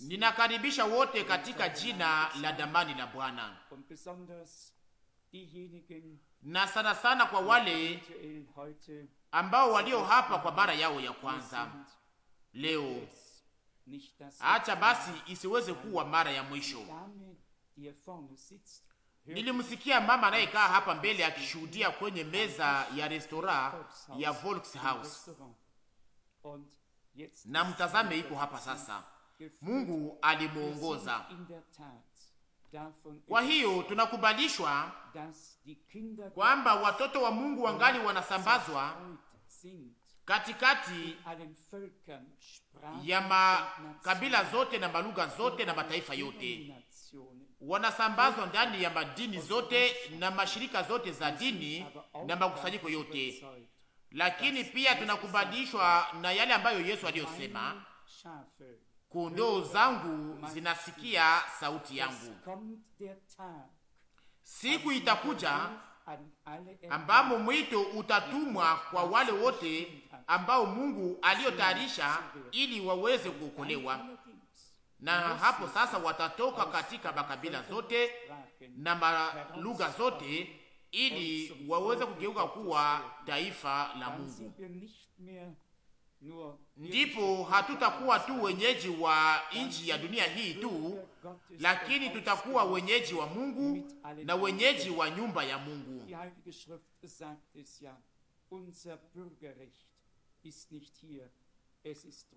Ninakaribisha wote katika jina la damani la Bwana na sana sana kwa wale ambao walio hapa kwa mara yao ya kwanza leo. Acha basi isiweze kuwa mara ya mwisho. Nilimsikia mama anayekaa hapa mbele akishuhudia kwenye meza ya restora ya Volkshaus na mtazame, iko hapa sasa. Mungu alimwongoza. Kwa hiyo tunakubalishwa kwamba watoto wa Mungu wangali wanasambazwa katikati ya makabila zote na malugha zote na mataifa yote, wanasambazwa ndani ya madini zote na mashirika zote za dini na makusanyiko yote, lakini pia tunakubadishwa na yale ambayo Yesu aliyosema, kondoo zangu zinasikia sauti yangu. Siku itakuja ambamo mwito utatumwa kwa wale wote ambao Mungu aliyotayarisha ili waweze kuokolewa, na hapo sasa watatoka katika makabila zote na malugha zote ili waweze kugeuka kuwa taifa la Mungu. Ndipo hatutakuwa tu wenyeji wa nchi ya dunia hii tu, lakini tutakuwa wenyeji wa Mungu na wenyeji wa nyumba ya Mungu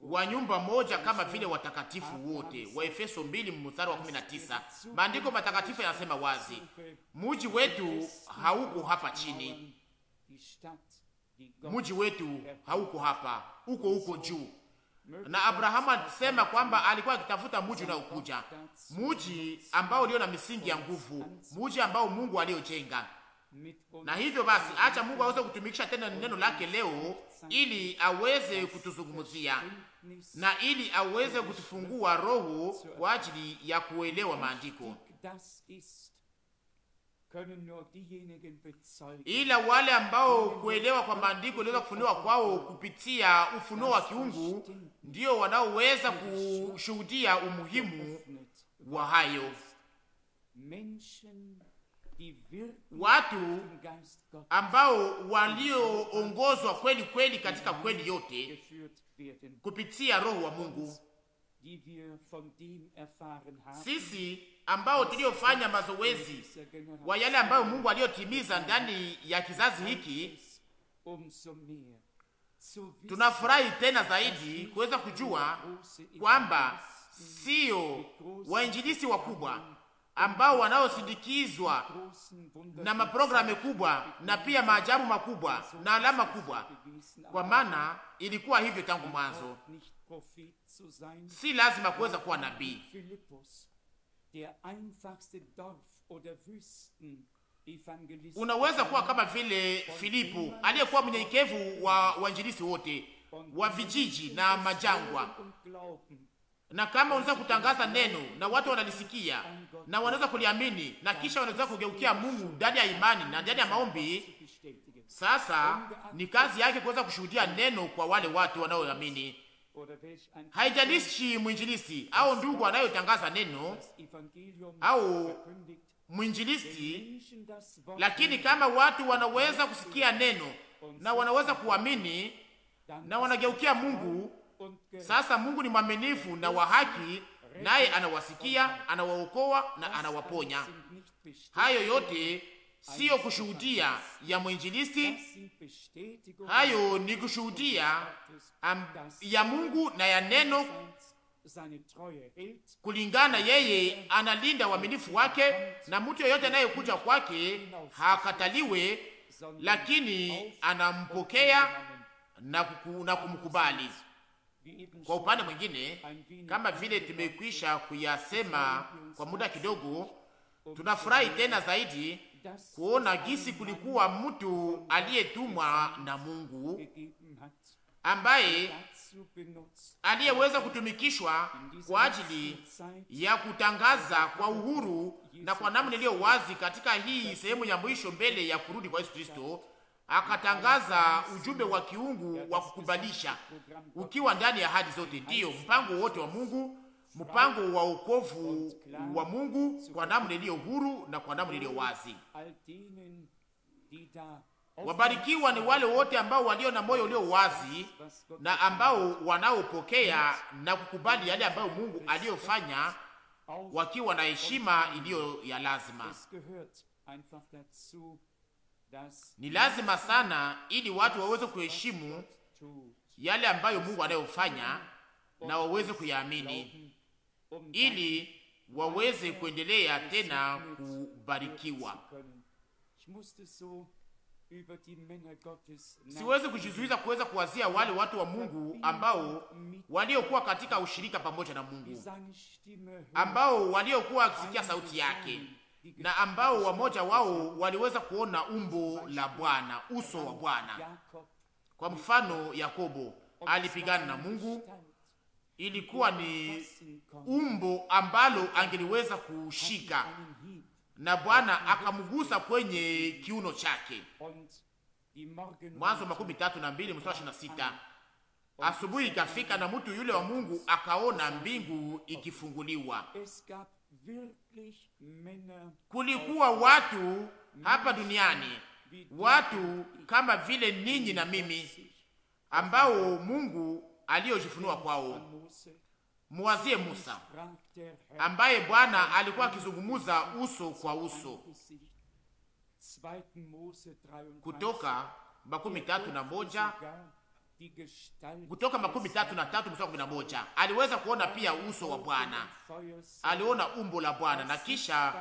wa nyumba moja kama vile watakatifu wote. Wa Efeso 2 mstari wa 19. Maandiko matakatifu yanasema wazi, muji wetu hauko hapa chini, muji wetu hauko hapa, uko huko juu. Na Abrahamu alisema kwamba alikuwa akitafuta muji unaokuja, muji ambao ulio na misingi ya nguvu, muji ambao Mungu aliyojenga. Na hivyo basi, acha Mungu aweze kutumikisha tena neno lake leo ili aweze kutuzungumzia na ili aweze kutufungua roho kwa ajili ya kuelewa maandiko, ila wale ambao kuelewa kwa maandiko iliweza kufunuliwa kwao kupitia ufunuo wa kiungu ndio wanaoweza kushuhudia umuhimu wa hayo watu ambao walioongozwa kweli kweli katika kweli yote kupitia Roho wa Mungu. Sisi ambao tuliofanya mazoezi wa yale ambayo Mungu aliyotimiza ndani ya kizazi hiki, tunafurahi tena zaidi kuweza kujua kwamba siyo wainjilisi wakubwa ambao wanaosindikizwa na maprogramu kubwa na pia maajabu makubwa na alama kubwa, kwa maana ilikuwa hivyo tangu mwanzo. Si lazima kuweza kuwa nabii. Unaweza kuwa kama vile Filipo aliyekuwa mnyenyekevu wa wanjilisi wote wa vijiji na majangwa na kama unaweza kutangaza neno na watu wanalisikia na wanaweza kuliamini na kisha wanaweza kugeukia Mungu ndani ya imani na ndani ya maombi, sasa ni kazi yake kuweza kushuhudia neno kwa wale watu wanaoamini. Haijalishi mwinjilisi au ndugu anayotangaza neno au mwinjilisi, lakini kama watu wanaweza kusikia neno na wanaweza kuamini na wanageukia Mungu sasa Mungu ni mwaminifu na wa haki, naye anawasikia, anawaokoa na anawaponya. Hayo yote siyo kushuhudia ya mwinjilisti, hayo ni kushuhudia ya Mungu na ya neno kulingana yeye analinda uaminifu wake, na mtu yeyote anayekuja kwake hakataliwe, lakini anampokea na, na kumkubali. Kwa upande mwingine, kama vile tumekwisha kuyasema kwa muda kidogo, tunafurahi tena zaidi kuona gisi kulikuwa mtu aliyetumwa na Mungu ambaye aliyeweza kutumikishwa kwa ajili ya kutangaza kwa uhuru na kwa namna iliyo wazi katika hii sehemu ya mwisho mbele ya kurudi kwa Yesu Kristo akatangaza ujumbe wa kiungu wa kukubalisha ukiwa ndani ya ahadi zote, ndiyo mpango wote wa Mungu, mpango wa wokovu wa Mungu kwa namna iliyo huru na kwa namna iliyo wazi. Wabarikiwa ni wale wote ambao walio na moyo ulio wazi na ambao wanaopokea na kukubali yale ambayo Mungu aliyofanya wakiwa na heshima iliyo ya lazima. Ni lazima sana ili watu waweze kuheshimu yale ambayo Mungu anayofanya na waweze kuyaamini ili waweze kuendelea tena kubarikiwa. Siwezi kujizuiza kuweza kuwazia wale watu wa Mungu ambao waliokuwa katika ushirika pamoja na Mungu, ambao waliokuwa wakisikia sauti yake na ambao wamoja wao waliweza kuona umbo la Bwana, uso wa Bwana. Kwa mfano, Yakobo alipigana na Mungu, ilikuwa ni umbo ambalo angeliweza kushika, na Bwana akamgusa kwenye kiuno chake. Mwanzo makumi tatu na mbili mstari ishirini na sita. Asubuhi ikafika na mtu yule wa Mungu akaona mbingu ikifunguliwa kulikuwa watu hapa duniani, watu kama vile ninyi na mimi, ambao Mungu aliyojifunua kwao. Muwazie Musa ambaye Bwana alikuwa akizungumuza uso kwa uso, Kutoka makumi tatu na moja kutoka makumi tatu na tatu mstari kumi na moja aliweza kuona pia uso wa Bwana, aliona umbo la Bwana na kisha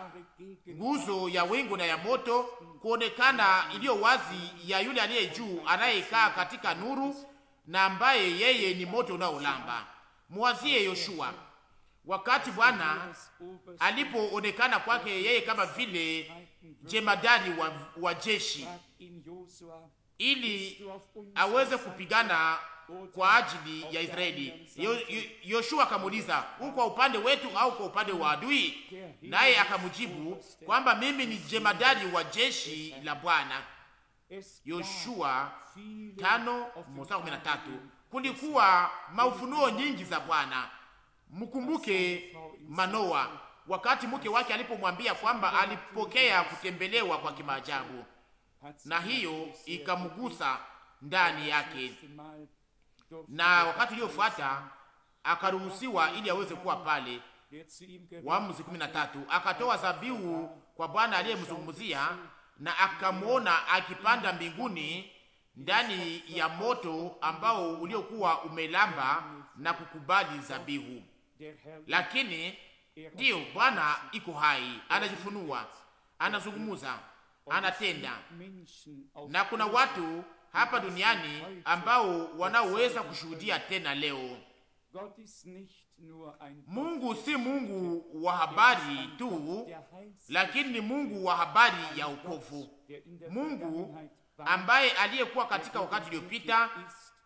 nguzo ya wingu na ya moto kuonekana iliyo wazi ya yule aliye juu anayekaa katika nuru na ambaye yeye ni moto unaolamba. Mwazie Yoshua wakati Bwana alipoonekana kwake yeye kama vile jemadari wa, wa jeshi ili aweze kupigana kwa ajili ya Israeli. Yoshua akamuuliza u kwa upande wetu au kwa upande wa adui? Naye akamjibu kwamba mimi ni jemadari wa jeshi la Bwana. Yoshua tano mstari kumi na tatu. Kulikuwa maufunuo nyingi za Bwana. Mkumbuke Manoa wakati mke wake alipomwambia kwamba alipokea kutembelewa kwa kimaajabu na hiyo ikamgusa ndani yake, na wakati uliofuata akaruhusiwa ili aweze kuwa pale. Waamuzi 13 akatoa zabihu kwa Bwana aliyemzungumzia na akamwona akipanda mbinguni ndani ya moto ambao uliokuwa umelamba na kukubali zabihu. Lakini ndiyo Bwana iko hai, anajifunua, anazungumuza anatenda, na kuna watu hapa duniani ambao wanaoweza kushuhudia tena leo. Mungu si Mungu wa habari tu, lakini ni Mungu wa habari ya ukovu. Mungu ambaye aliyekuwa katika wakati uliopita,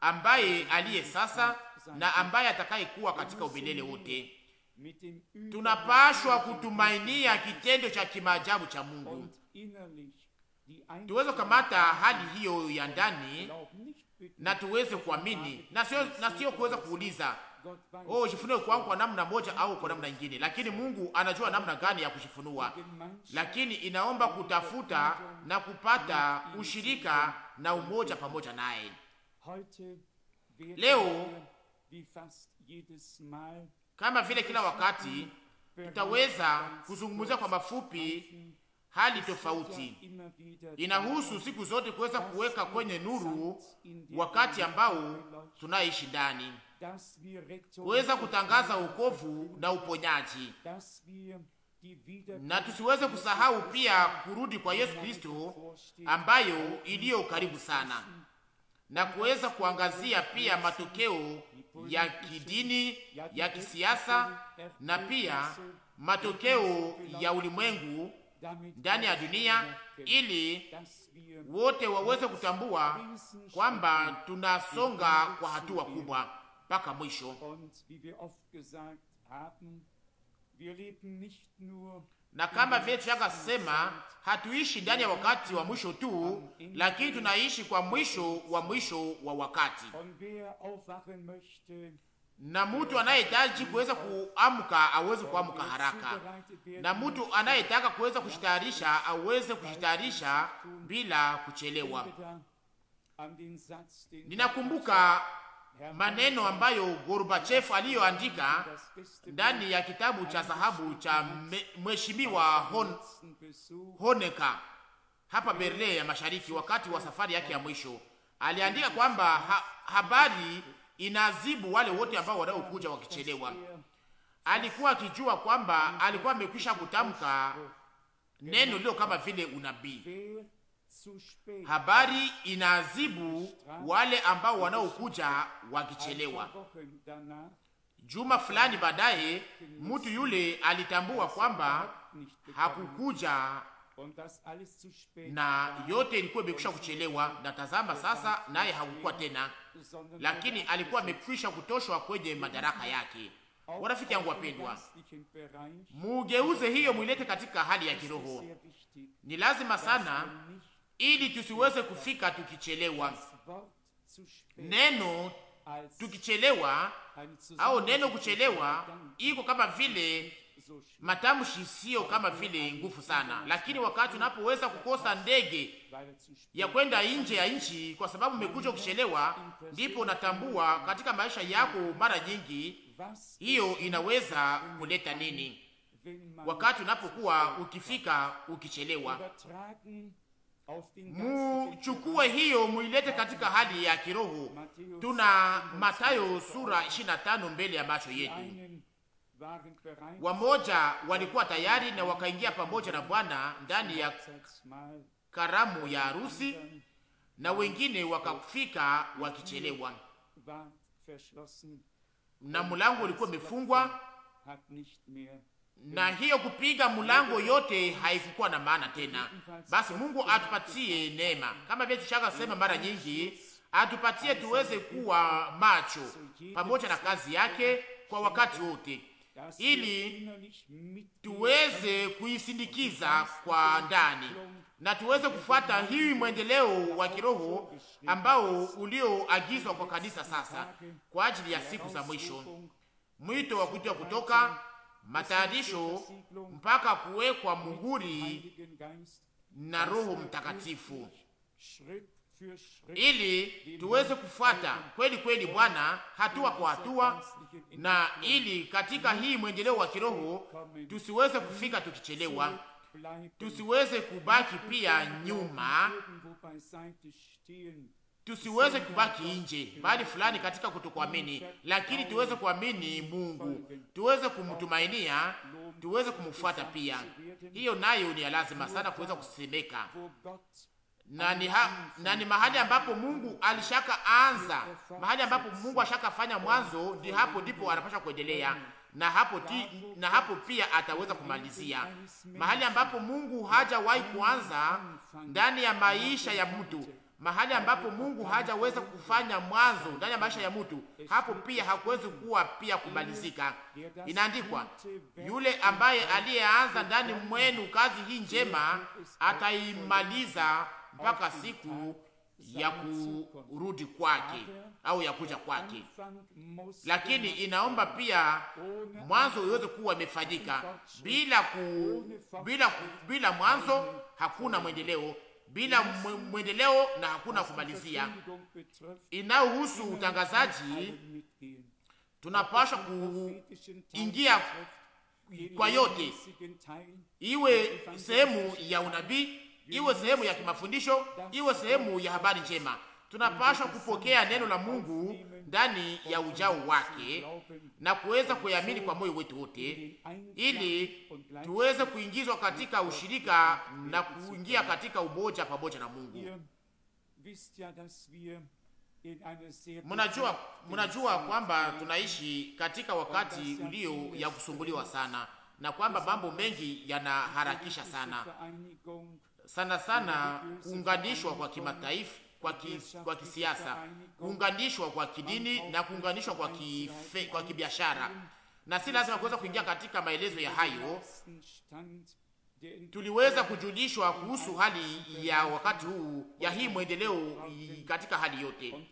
ambaye aliye sasa na ambaye atakayekuwa katika umilele wote. Tunapashwa kutumainia kitendo cha kimaajabu cha Mungu tuweze kukamata hali hiyo ya ndani na tuweze kuamini na sio kuweza kuuliza oh, jifunue kwangu kwa namna moja au kwa namna nyingine, lakini Mungu anajua namna gani ya kushifunua. Lakini inaomba kutafuta na kupata ushirika na umoja pamoja naye. Leo kama vile kila wakati tutaweza kuzungumzia kwa mafupi hali tofauti, inahusu siku zote kuweza kuweka kwenye nuru wakati ambao tunaishi ndani, kuweza kutangaza wokovu na uponyaji, na tusiweze kusahau pia kurudi kwa Yesu Kristo ambayo iliyo karibu sana, na kuweza kuangazia pia matokeo ya kidini, ya kisiasa na pia matokeo ya ulimwengu ndani ya dunia, ili wote waweze kutambua kwamba tunasonga kwa hatua kubwa mpaka mwisho na kama vile tushaka sema, hatuishi ndani ya wakati wa mwisho tu, lakini tunaishi kwa mwisho wa mwisho wa wakati na mtu anayehitaji kuweza kuamka aweze kuamka haraka, na mtu anayetaka kuweza kushitayarisha aweze kushitayarisha bila kuchelewa. Ninakumbuka maneno ambayo Gorbachev aliyoandika ndani ya kitabu cha sahabu cha mheshimiwa Hon, Honeka hapa Berlin ya Mashariki, wakati wa safari yake ya mwisho aliandika kwamba ha, habari inazibu wale wote ambao wanaokuja wakichelewa. Alikuwa akijua kwamba alikuwa amekwisha kutamka neno lilo kama vile unabii. Habari inaazibu wale ambao wanaokuja wakichelewa. Juma fulani baadaye, mtu yule alitambua kwamba hakukuja na yote ilikuwa imekwisha kuchelewa, na tazama sasa, naye hakukuwa tena lakini alikuwa amekwisha kutoshwa kwenye madaraka yake. Warafiki yangu wapendwa, mugeuze hiyo, mwilete katika hali ya kiroho. Ni lazima sana, ili tusiweze kufika tukichelewa neno tukichelewa au neno kuchelewa iko kama vile matamshi, sio kama vile nguvu sana, lakini wakati unapoweza kukosa ndege ya kwenda nje ya nchi, kwa sababu umekuja kuchelewa, ndipo unatambua katika maisha yako mara nyingi hiyo inaweza kuleta nini wakati unapokuwa ukifika ukichelewa. Muchukue hiyo muilete katika hali ya kiroho. Tuna Mathayo sura 25 mbele ya macho yetu. Wamoja walikuwa tayari na wakaingia pamoja na Bwana ndani ya karamu ya harusi na wengine wakafika wakichelewa, na mlango ulikuwa umefungwa, na hiyo kupiga mlango yote haikukuwa na maana tena. Basi Mungu atupatie neema, kama vile tushaka sema mara nyingi, atupatie tuweze kuwa macho pamoja na kazi yake kwa wakati wote ili tuweze kuisindikiza kwa ndani na tuweze kufuata hii mwendeleo wa kiroho ambao ulioagizwa kwa kanisa sasa kwa ajili ya siku za mwisho, mwito wa kuitwa kutoka matayarisho mpaka kuwekwa muhuri na Roho Mtakatifu ili tuweze kufuata kweli kweli Bwana hatua kwa hatua, na ili katika hii mwendeleo wa kiroho tusiweze kufika tukichelewa tusiweze kubaki pia nyuma, tusiweze kubaki nje bali fulani katika kutokuamini, lakini tuweze kuamini Mungu, tuweze kumtumainia, tuweze kumfuata pia. Hiyo nayo ni ya lazima sana kuweza kusemeka, na ni, na ni mahali ambapo Mungu alishaka anza, mahali ambapo Mungu ashakafanya mwanzo, ndi hapo ndipo anapasha kuendelea na hapo, ti, na hapo pia ataweza kumalizia. Mahali ambapo Mungu hajawahi kuanza ndani ya maisha ya mtu, mahali ambapo Mungu hajaweza kufanya mwanzo ndani ya maisha ya mtu, hapo pia hakuwezi kuwa pia kumalizika. Inaandikwa, yule ambaye aliyeanza ndani mwenu kazi hii njema ataimaliza mpaka siku ya kurudi kwake au ya kuja kwake, lakini inaomba pia mwanzo uweze kuwa imefanyika. Bila, ku, bila, ku, bila mwanzo hakuna mwendeleo, bila mwendeleo na hakuna kumalizia. Inayohusu utangazaji, tunapaswa kuingia kwa yote, iwe sehemu ya unabii, iwe sehemu ya kimafundisho, iwe sehemu ya habari njema tunapashwa kupokea neno la Mungu ndani ya ujao wake na kuweza kuamini kwa moyo wetu wote, ili tuweze kuingizwa katika ushirika na kuingia katika umoja pamoja na Mungu. Mnajua, mnajua kwamba tunaishi katika wakati ulio ya kusumbuliwa sana na kwamba mambo mengi yanaharakisha sana sana sana, kuunganishwa kwa kimataifa kwa, ki, kwa kisiasa, kuunganishwa kwa kidini na kuunganishwa kwa, kife, kwa kibiashara, na si lazima kuweza kuingia katika maelezo ya hayo. Tuliweza kujulishwa kuhusu hali ya wakati huu ya hii mwendeleo katika hali yote,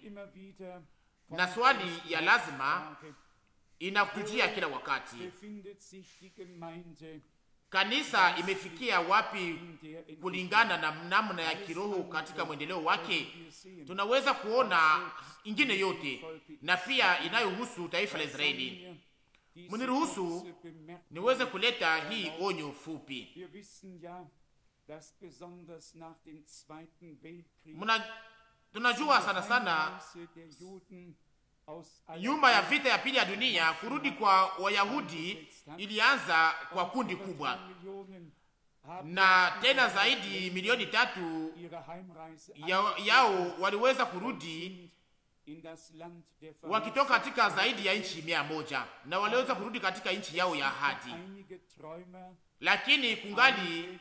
na swali ya lazima inakujia kila wakati Kanisa imefikia wapi kulingana na namna ya kiroho katika mwendeleo wake? Tunaweza kuona ingine yote na pia inayohusu taifa la Israeli. Mniruhusu niweze kuleta hii onyo fupi. Muna, tunajua sana sana nyuma ya vita ya pili ya dunia, kurudi kwa Wayahudi ilianza kwa kundi kubwa, na tena zaidi milioni tatu yao, yao waliweza kurudi wakitoka katika zaidi ya nchi mia moja na waliweza kurudi katika nchi yao ya ahadi, lakini kungali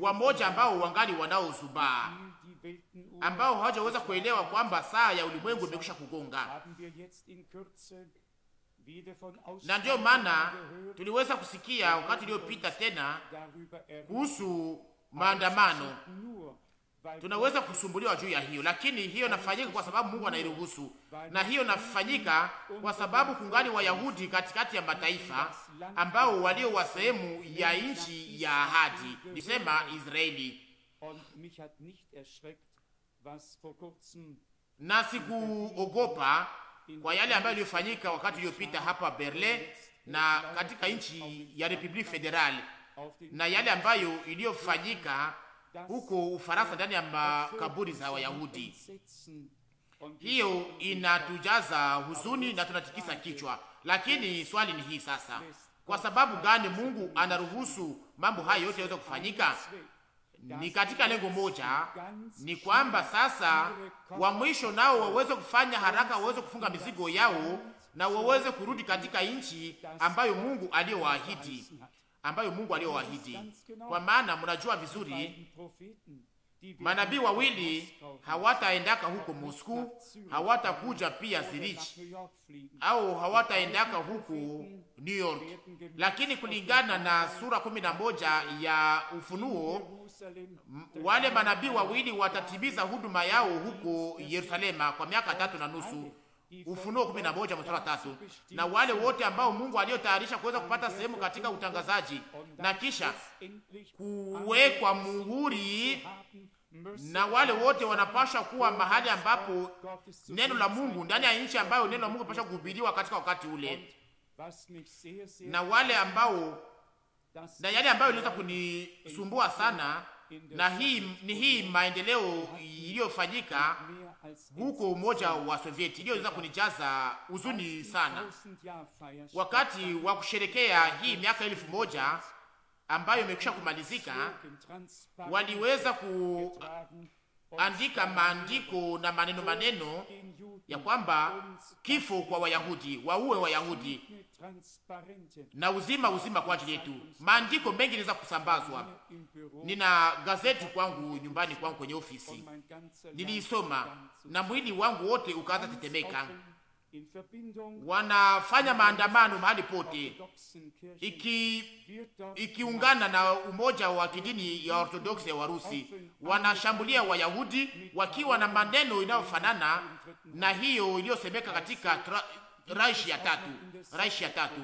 wamoja ambao wangali wanaozubaa ambao hawajaweza kuelewa kwamba saa ya ulimwengu imekwisha kugonga, na ndiyo maana tuliweza kusikia wakati uliopita tena kuhusu maandamano. Tunaweza kusumbuliwa juu ya hiyo, lakini hiyo nafanyika kwa sababu Mungu anairuhusu, na hiyo nafanyika kwa sababu kungali Wayahudi katikati ya mataifa ambao walio wa sehemu ya nchi ya ahadi, nisema Israeli Mm. na sikuogopa kwa yale ambayo iliyofanyika wakati uliyopita hapa Berlin na katika nchi ya Republique Federale na yale ambayo iliyofanyika huko Ufaransa ndani ya makaburi za Wayahudi. Mm, Hiyo inatujaza huzuni na tunatikisa kichwa, lakini swali ni hii sasa, kwa sababu gani Mungu anaruhusu mambo hayo yote yaweze kufanyika? ni katika lengo moja, ni kwamba sasa wa mwisho nao waweze kufanya haraka, waweze kufunga mizigo yao na waweze kurudi katika nchi ambayo Mungu aliyowaahidi, ambayo Mungu aliyowaahidi. Kwa maana mnajua vizuri manabii wawili hawataendaka huko Moscow, hawatakuja pia Zurich au hawataendaka huko New York, lakini kulingana na sura kumi na moja ya Ufunuo wale manabii wawili watatimiza huduma yao huko Yerusalema kwa miaka tatu na nusu. Ufunuo 11 mstari tatu. Na wale wote ambao Mungu aliyotayarisha kuweza kupata sehemu katika utangazaji na kisha kuwekwa muhuri, na wale wote wanapasha kuwa mahali ambapo neno la Mungu ndani ya nchi ambayo neno la Mungu pasha kuhubiriwa katika wakati ule, na wale ambao na yale ambayo iliweza kunisumbua sana na hii ni hii maendeleo iliyofanyika huko Umoja wa Sovieti iliyoweza kunijaza huzuni sana, wakati wa kusherekea hii miaka elfu moja ambayo imekwisha kumalizika, waliweza kuandika maandiko na maneno maneno ya kwamba kifo kwa Wayahudi, waue Wayahudi na uzima uzima kwa ajili yetu. Maandiko mengi yanaweza kusambazwa. Nina gazeti kwangu nyumbani kwangu kwenye ofisi, niliisoma na mwili wangu wote ukaanza tetemeka. Wanafanya maandamano mahali pote, iki ikiungana na umoja wa kidini ya Orthodoksi ya Warusi, wanashambulia Wayahudi wakiwa na maneno inayofanana na hiyo iliyosemeka katika tra raishi ya tatu, raishi ya tatu.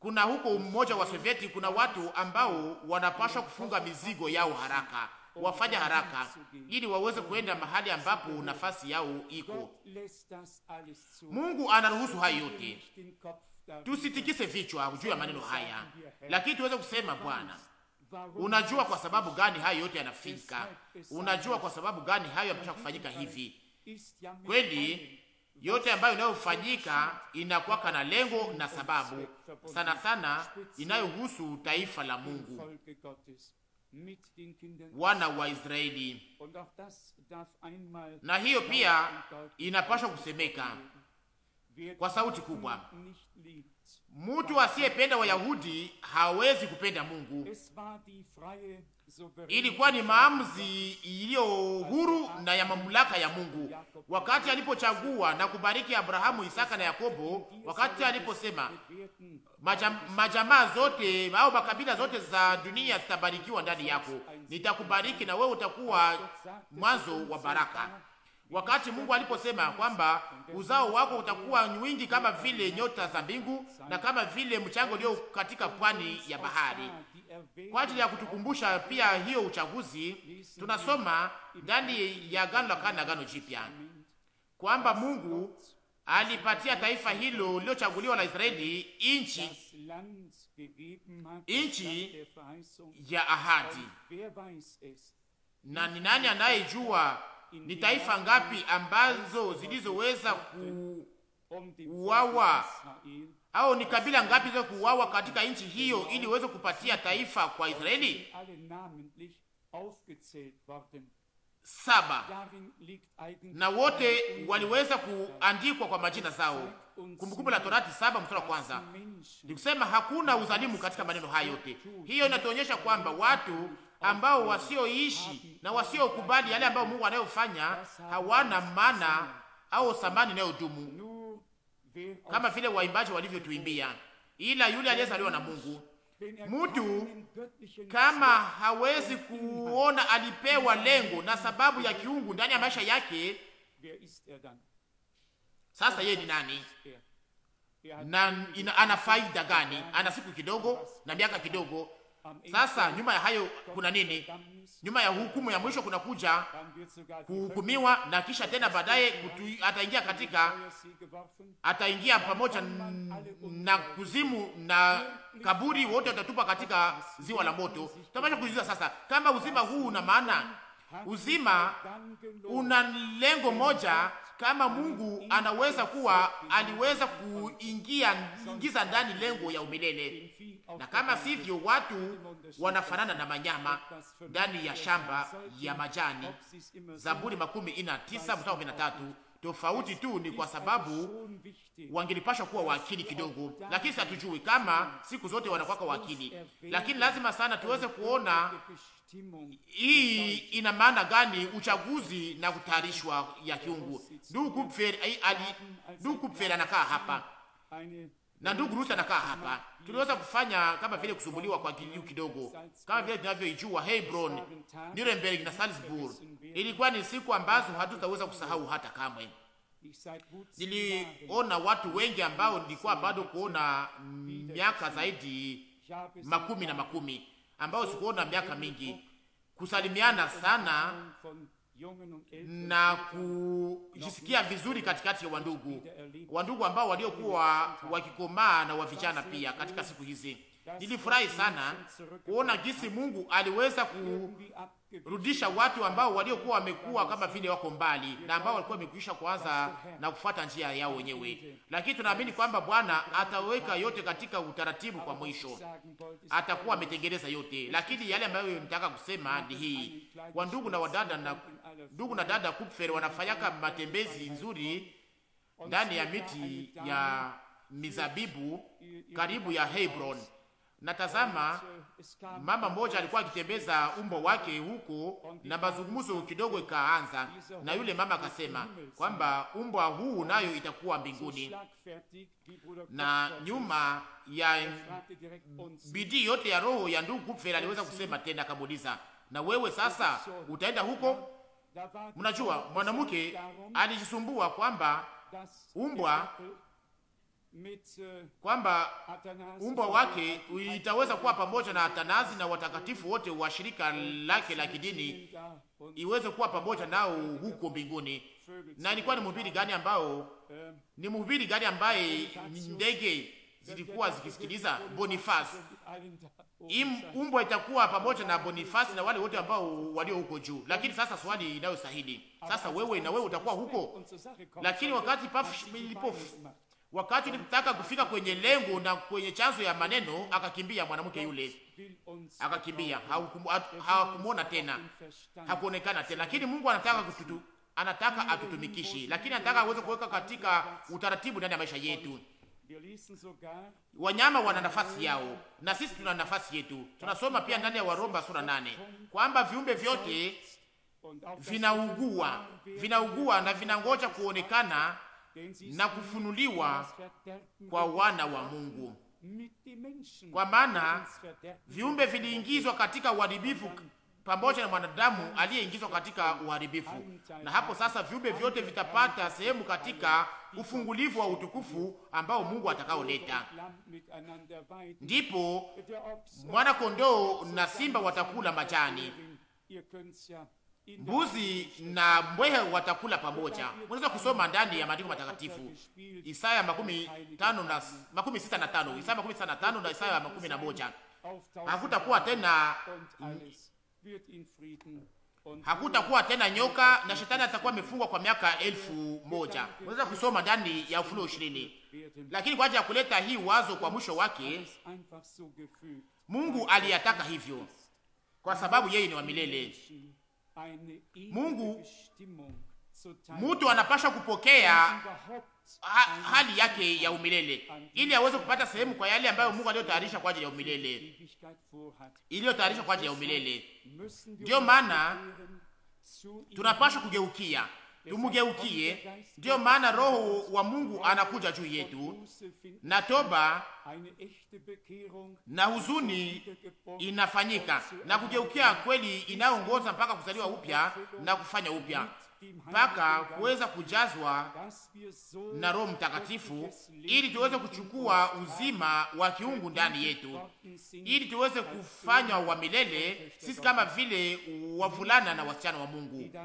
Kuna huko umoja wa Sovieti, kuna watu ambao wanapaswa kufunga mizigo yao haraka, wafanya haraka ili waweze kuenda mahali ambapo nafasi yao iko. Mungu anaruhusu hayo yote, tusitikise vichwa juu ya maneno haya, lakini tuweze kusema Bwana, unajua kwa sababu gani hayo yote yanafika, unajua kwa sababu gani hayo yanapaswa kufanyika hivi kweli yote ambayo inayofanyika inakuwaka na lengo na sababu, sana sana inayohusu taifa la Mungu, wana wa Israeli. Na hiyo pia inapaswa kusemeka kwa sauti kubwa. Mtu asiyependa Wayahudi hawezi kupenda Mungu ilikuwa ni maamuzi iliyo huru na ya mamlaka ya Mungu. Wakati alipochagua na kubariki Abrahamu, Isaka na Yakobo, wakati aliposema majam, majamaa zote au makabila zote za dunia zitabarikiwa ndani yako, nitakubariki na wewe utakuwa mwanzo wa baraka. Wakati Mungu aliposema kwamba uzao wako utakuwa nyingi kama vile nyota za mbingu na kama vile mchango ulio katika pwani ya bahari kwa ajili ya kutukumbusha pia hiyo uchaguzi. Tunasoma ndani ya Agano la Kale na Agano Jipya kwamba Mungu alipatia taifa hilo lililochaguliwa la Israeli inchi inchi ya ahadi, na ni nani anayejua ni taifa ngapi ambazo zilizoweza kuuawa au ni kabila ngapi ziweze kuuawa katika nchi hiyo ili uweze kupatia taifa kwa Israeli? Saba. Na wote waliweza kuandikwa kwa majina zao. Kumbukumbu la Torati saba mstari wa kwanza. Nikusema hakuna uzalimu katika maneno haya yote. Hiyo inatuonyesha kwamba watu ambao wasioishi na wasiokubali yale ambayo Mungu anayofanya hawana maana au thamani inayodumu kama vile waimbaji walivyotuimbia, ila yule aliyezaliwa na Mungu. Mtu kama hawezi kuona alipewa lengo na sababu ya kiungu ndani ya maisha yake, sasa yeye ni nani? Na ina, ana faida gani? Ana siku kidogo na miaka kidogo sasa nyuma ya hayo kuna nini? Nyuma ya hukumu ya mwisho kuna kuja kuhukumiwa, na kisha tena baadaye ataingia katika, ataingia pamoja na kuzimu na kaburi, wote watatupa katika ziwa la moto. Tunapaswa kujiuliza sasa, kama uzima huu una maana, uzima una lengo moja kama Mungu anaweza kuwa aliweza kuingia ingiza ndani lengo ya umilele, na kama sivyo, watu wanafanana na manyama ndani ya shamba ya majani. Zaburi makumi ina tisa mstari kumi na tatu. Tofauti tu ni kwa sababu wangelipashwa kuwa wakili kidogo, lakini hatujui kama siku zote wanakuwa wakili, lakini lazima sana tuweze kuona hii ina maana gani? Uchaguzi na kutayarishwa ya kiungu. Ndugu Kupfer anakaa hapa na ndugu Rusi anakaa hapa. Tuliweza kufanya kama vile kusumbuliwa kwa kiu kidogo, kama vile tunavyoijua Hebron, Nuremberg na Salzburg. Ilikuwa ni siku ambazo hatutaweza kusahau hata kamwe. Niliona watu wengi ambao nilikuwa bado kuona miaka zaidi makumi na makumi ambayo sikuona miaka mingi, kusalimiana sana na kujisikia vizuri katikati ya wandugu, wandugu ambao waliokuwa wakikomaa na wavijana pia katika siku hizi. Nilifurahi sana kuona jinsi Mungu aliweza ku rudisha watu ambao waliokuwa wamekuwa kama vile wako mbali na ambao walikuwa wamekwisha kuanza na kufuata njia yao wenyewe, lakini tunaamini kwamba Bwana ataweka yote katika utaratibu. Kwa mwisho atakuwa ametengeneza yote, lakini yale ambayo nitaka kusema ni hii: wa ndugu na wadada na ndugu na dada Kupfer wanafanyaka matembezi nzuri ndani ya miti ya mizabibu karibu ya Hebron na tazama, mama mmoja alikuwa akitembeza umbo wake huko, na mazungumzo kidogo ikaanza, na yule mama akasema kwamba umbwa huu nayo itakuwa mbinguni. Na nyuma ya bidii yote ya roho ya ndugu Kupfel aliweza kusema tena, akamuuliza na wewe sasa utaenda huko? Mnajua mwanamke alijisumbua kwamba umbwa Uh, kwamba umbo wake itaweza kuwa pamoja na atanazi na watakatifu wote wa shirika lake la kidini iweze kuwa pamoja nao huko mbinguni. Na ilikuwa ni mhubiri gani ambao ni mhubiri gani ambaye ndege zilikuwa zikisikiliza Boniface? Umbo itakuwa pamoja na Boniface na wale wote ambao walio huko juu. Lakini sasa swali inayostahili sasa, wewe na wewe utakuwa huko, lakini wakati pafu ilipo wakati ulipotaka kufika kwenye lengo na kwenye chanzo ya maneno, akakimbia mwanamke yule, akakimbia, hakumwona tena, hakuonekana tena. Lakini Mungu anataka kututu, anataka atutumikishi, lakini anataka aweze kuweka katika utaratibu ndani ya maisha yetu. Oh Wanyama wana nafasi yao na sisi tuna nafasi yetu. Tunasoma pia ndani ya Waroma sura nane kwamba viumbe vyote vinaugua, vinaugua na vinangoja kuonekana na kufunuliwa kwa wana wa Mungu, kwa maana viumbe viliingizwa katika uharibifu pamoja na mwanadamu aliyeingizwa katika uharibifu, na hapo sasa viumbe vyote vitapata sehemu katika ufungulivu wa utukufu ambao Mungu atakaoleta. Ndipo mwana kondoo na simba watakula majani mbuzi na mbwehe watakula pamoja. Unaweza kusoma ndani ya maandiko matakatifu Isaya makumi tano na makumi sita na tano Isaya makumi sita na tano na Isaya makumi na moja Hakutakuwa tena hakutakuwa tena nyoka na shetani atakuwa amefungwa kwa miaka elfu moja. Unaweza kusoma ndani ya Ufunuo ishirini. Lakini kwa ajili ya kuleta hii wazo kwa mwisho wake, Mungu aliyataka hivyo, kwa sababu yeye ni wa milele. Mungu mtu anapasha kupokea ha, hali yake ya umilele ili aweze kupata sehemu kwa yale ambayo Mungu aliyotayarisha kwa ajili ya umilele, iliyotayarishwa kwa ajili ya umilele. Ndiyo maana tunapasha kugeukia tumugeukie. Ndiyo maana Roho wa Mungu anakuja juu yetu, na toba na huzuni inafanyika na kugeukia kweli inayongoza mpaka kuzaliwa upya na kufanya upya mpaka kuweza kujazwa na Roho Mtakatifu, ili tuweze kuchukua uzima wa kiungu ndani yetu, ili tuweze kufanywa wa milele, sisi kama vile wavulana na wasichana wa Mungu,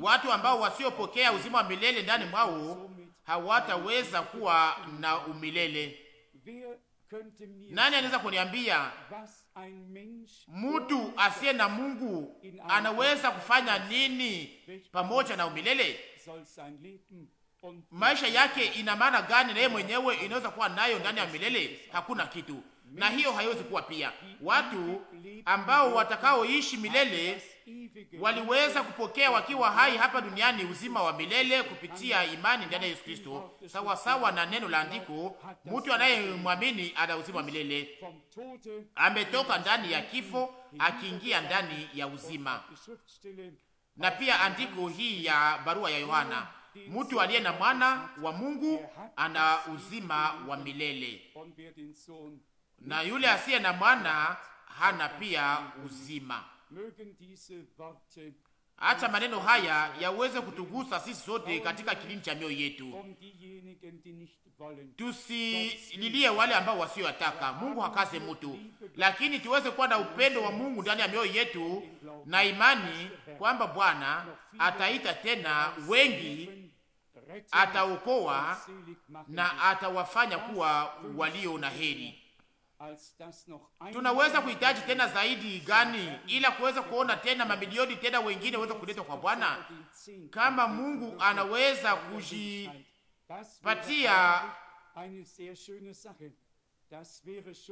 watu ambao wasiopokea uzima wa milele ndani mwao hawataweza kuwa na umilele. Nani anaweza kuniambia Mtu asiye na Mungu anaweza kufanya nini pamoja na umilele? Maisha yake ina maana gani? Na yeye mwenyewe inaweza kuwa nayo ndani ya milele? Hakuna kitu, na hiyo haiwezi kuwa pia. Watu ambao watakaoishi milele waliweza kupokea wakiwa hai hapa duniani uzima wa milele kupitia imani ndani ya Yesu Kristo, sawa sawa na neno la andiko, mtu anayemwamini ana uzima wa milele, ametoka ndani ya kifo akiingia ndani ya uzima. Na pia andiko hii ya barua ya Yohana, mtu aliye na mwana wa Mungu ana uzima wa milele, na yule asiye na mwana hana pia uzima Acha maneno haya yaweze kutugusa sisi sote katika kilindi cha mioyo yetu. Tusililie wale ambao wasioyataka, Mungu hakaze mtu, lakini tuweze kuwa na upendo wa Mungu ndani ya mioyo yetu na imani kwamba Bwana ataita tena wengi, ataokoa na atawafanya kuwa walio na heri tunaweza kuhitaji tena zaidi gani, ila kuweza kuona tena mamilioni tena wengine waweza kuletwa kwa Bwana. Kama Mungu anaweza kujipatia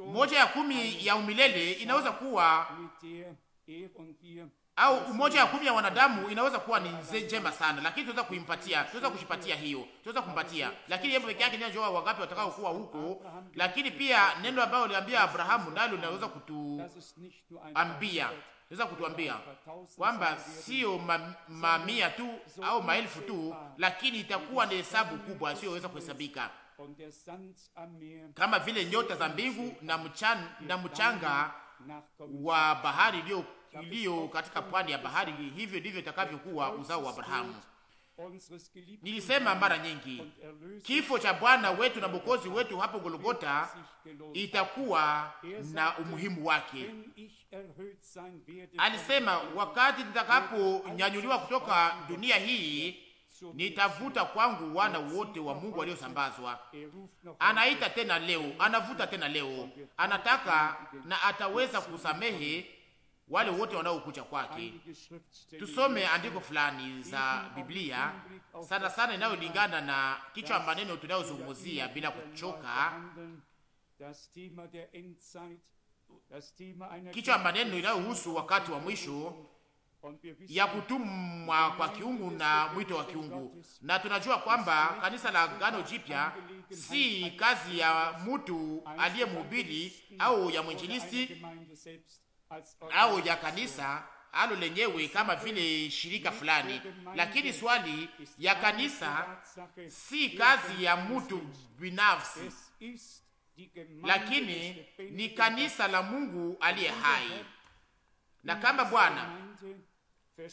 moja ya kumi ya umilele, inaweza kuwa au umoja ya kumi ya wanadamu inaweza kuwa ni njema sana, lakini tunaweza kuimpatia, tunaweza kushipatia hiyo, tunaweza kumpatia, lakini yeye peke yake ndiye anajua wangapi watakao kuwa huko. Lakini pia neno ambalo aliambia Abrahamu nalo linaweza kutuambia, tunaweza kutuambia kwamba sio ma, mamia tu au maelfu tu, lakini itakuwa ni hesabu kubwa asiyoweza kuhesabika, kama vile nyota za mbingu na mchanga, na mchanga wa bahari iliyo iliyo katika pwani ya bahari, hivyo ndivyo itakavyokuwa uzao wa Abrahamu. Nilisema mara nyingi, kifo cha Bwana wetu na Mwokozi wetu hapo Golgota itakuwa na umuhimu wake. Alisema, wakati nitakaponyanyuliwa kutoka dunia hii nitavuta kwangu wana wote wa Mungu waliosambazwa. Anaita tena leo, anavuta tena leo, anataka na ataweza kusamehe wale wote wanaokuja kwake. Tusome andiko fulani za Biblia sana sana inayolingana na kichwa maneno tunayozungumzia bila kuchoka. Kichwa maneno inayohusu wakati wa mwisho ya kutumwa kwa kiungu na mwito wa kiungu, na tunajua kwamba kanisa la gano Jipya si kazi ya mtu aliyemhubiri au ya mwinjilisti au ya kanisa halo lenyewe kama vile shirika fulani, lakini swali ya kanisa si kazi ya mtu binafsi, lakini ni kanisa la Mungu aliye hai. Na kama Bwana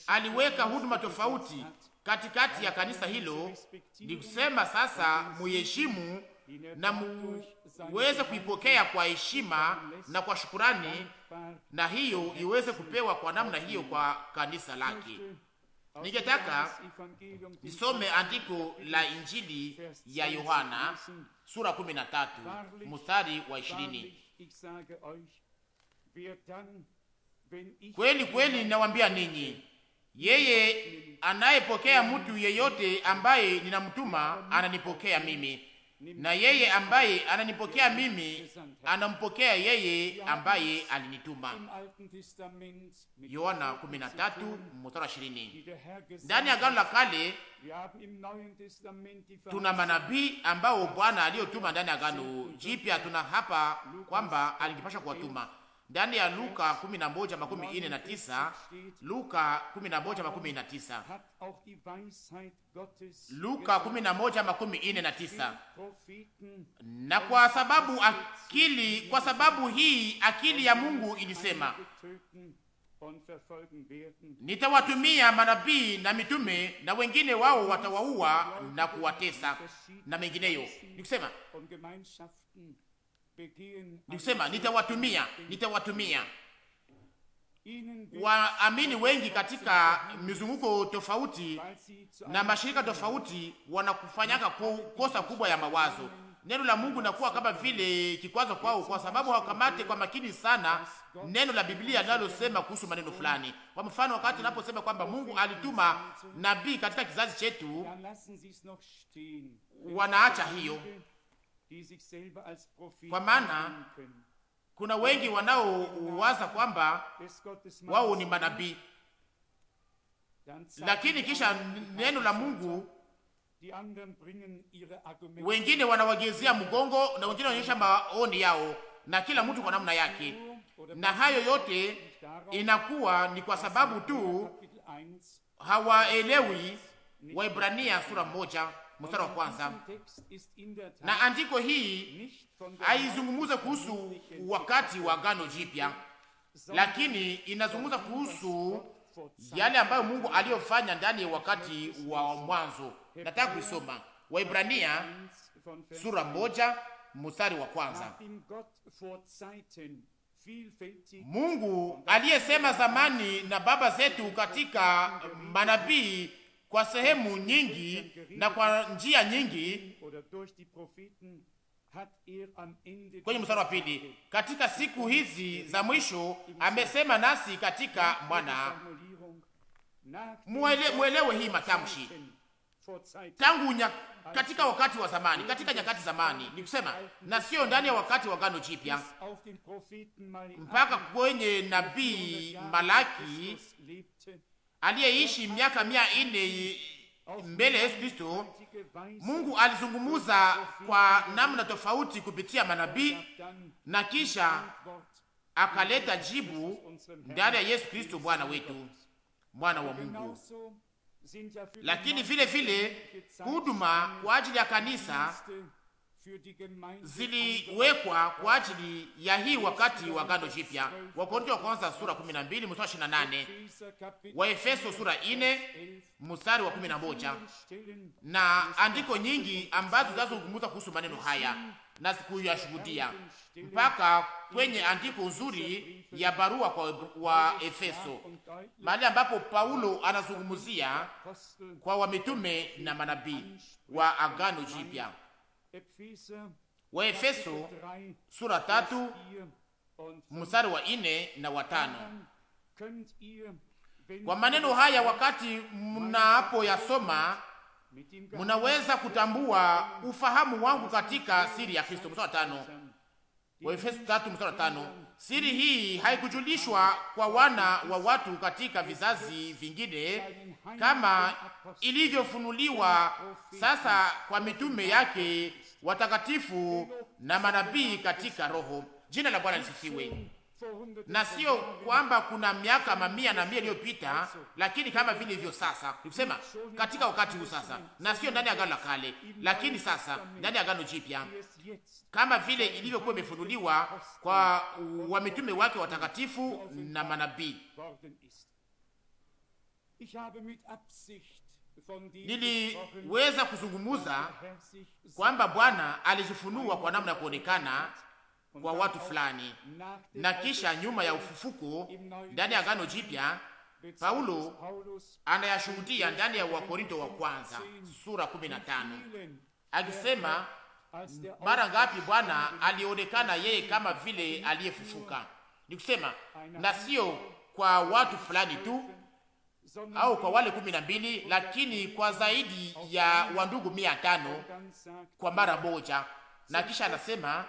aliweka huduma tofauti katikati ya kanisa hilo, ni kusema sasa muheshimu na muweze kuipokea kwa heshima na kwa shukurani na hiyo iweze kupewa kwa namna hiyo kwa kanisa lake. Ningetaka nisome andiko la Injili ya Yohana sura 13 mstari wa 20. Kweli kweli ninawaambia ninyi, yeye anayepokea mtu yeyote ambaye ninamtuma ananipokea mimi na yeye ambaye ananipokea mimi anampokea yeye ambaye alinituma. Yohana 13:20. Ndani ya Agano la Kale tuna manabii ambao Bwana aliyotuma ndani ya Agano Jipya. Tuna hapa kwamba alijipasha kuwatuma ndani ya Luka 11:49, Luka 11:49, Luka 11:49. Na kwa sababu akili, kwa sababu hii akili ya Mungu ilisema, nitawatumia manabii na mitume na wengine wao watawaua na kuwatesa na mengineyo, nikusema nikusema nitawatumia, nitawatumia waamini wengi katika mizunguko tofauti na mashirika tofauti, wanakufanyaka kosa kubwa ya mawazo. Neno la Mungu nakuwa kama vile kikwazo kwao, kwa sababu hawakamate kwa makini sana neno la Biblia linalosema kuhusu maneno fulani. Kwa mfano, wakati naposema kwamba Mungu alituma nabii katika kizazi chetu, wanaacha hiyo kwa maana kuna wengi wanaowaza kwamba wao ni manabii, lakini kisha neno la Mungu wengine wanawagezea mgongo na wengine wanaonyesha maoni yao, na kila mtu kwa namna yake. Na hayo yote inakuwa ni kwa sababu tu hawaelewi Waibrania sura moja mstari wa kwanza. Na andiko hii haizungumuze kuhusu wakati wa agano jipya, lakini inazungumza kuhusu yale ambayo Mungu aliyofanya ndani ya wakati wa mwanzo. Nataka kuisoma Waibrania sura moja mstari wa kwanza. Mungu aliyesema zamani na baba zetu katika manabii kwa sehemu nyingi na kwa njia nyingi. Er kwenye mstari wa pili, katika siku hizi za mwisho amesema nasi katika mwana. Mwelewe hii matamshi tangu nya, katika wakati wa zamani, katika nyakati zamani, ni kusema na sio ndani ya wakati wa gano jipya, mpaka kwenye nabii Malaki aliyeishi miaka mia nne mbele ya Yesu Kristo, Mungu alizungumuza kwa namna tofauti kupitia manabii na kisha akaleta jibu ndani ya Yesu Kristo Bwana wetu, mwana wa Mungu. Lakini vile vile huduma kwa ajili ya kanisa ziliwekwa kwa ajili ya hii wakati wa gano jipya. Wakorintho wa kwanza sura 12 mstari wa 28, Waefeso sura 4 mstari wa 11, na andiko nyingi ambazo zinazozungumza kuhusu maneno haya na sikuyashuhudia mpaka kwenye andiko nzuri ya barua kwa wa Efeso, mahali ambapo Paulo anazungumzia kwa wamitume na manabii wa agano jipya Waefeso sura tatu mstari wa ine na watano. Kwa maneno haya, wakati mnapo yasoma munaweza kutambua ufahamu wangu katika siri ya Kristo. Mstari wa tano, Waefeso tatu mstari wa tano. Siri hii haikujulishwa kwa wana wa watu katika vizazi vingine kama ilivyofunuliwa sasa kwa mitume yake watakatifu na manabii katika roho. Jina la Bwana lisifiwe. Na sio kwamba kuna miaka mamia na mia iliyopita, lakini kama vile hivyo sasa, nikusema katika wakati huu sasa, na sio ndani ya agano la kale, lakini sasa ndani ya agano jipya, kama vile ilivyokuwa imefunuliwa kwa wamitume wake watakatifu na manabii niliweza kuzungumuza kwamba Bwana alijifunua kwa namna ya kuonekana kwa watu fulani, na kisha nyuma ya ufufuko ndani ya Agano Jipya Paulo anayashuhudia ndani ya Wakorinto wa kwanza sura 15 akisema mara ngapi Bwana alionekana yeye kama vile aliyefufuka, ni kusema na sio kwa watu fulani tu au kwa wale kumi na mbili, lakini kwa zaidi ya wandugu mia tano kwa mara moja. Na kisha anasema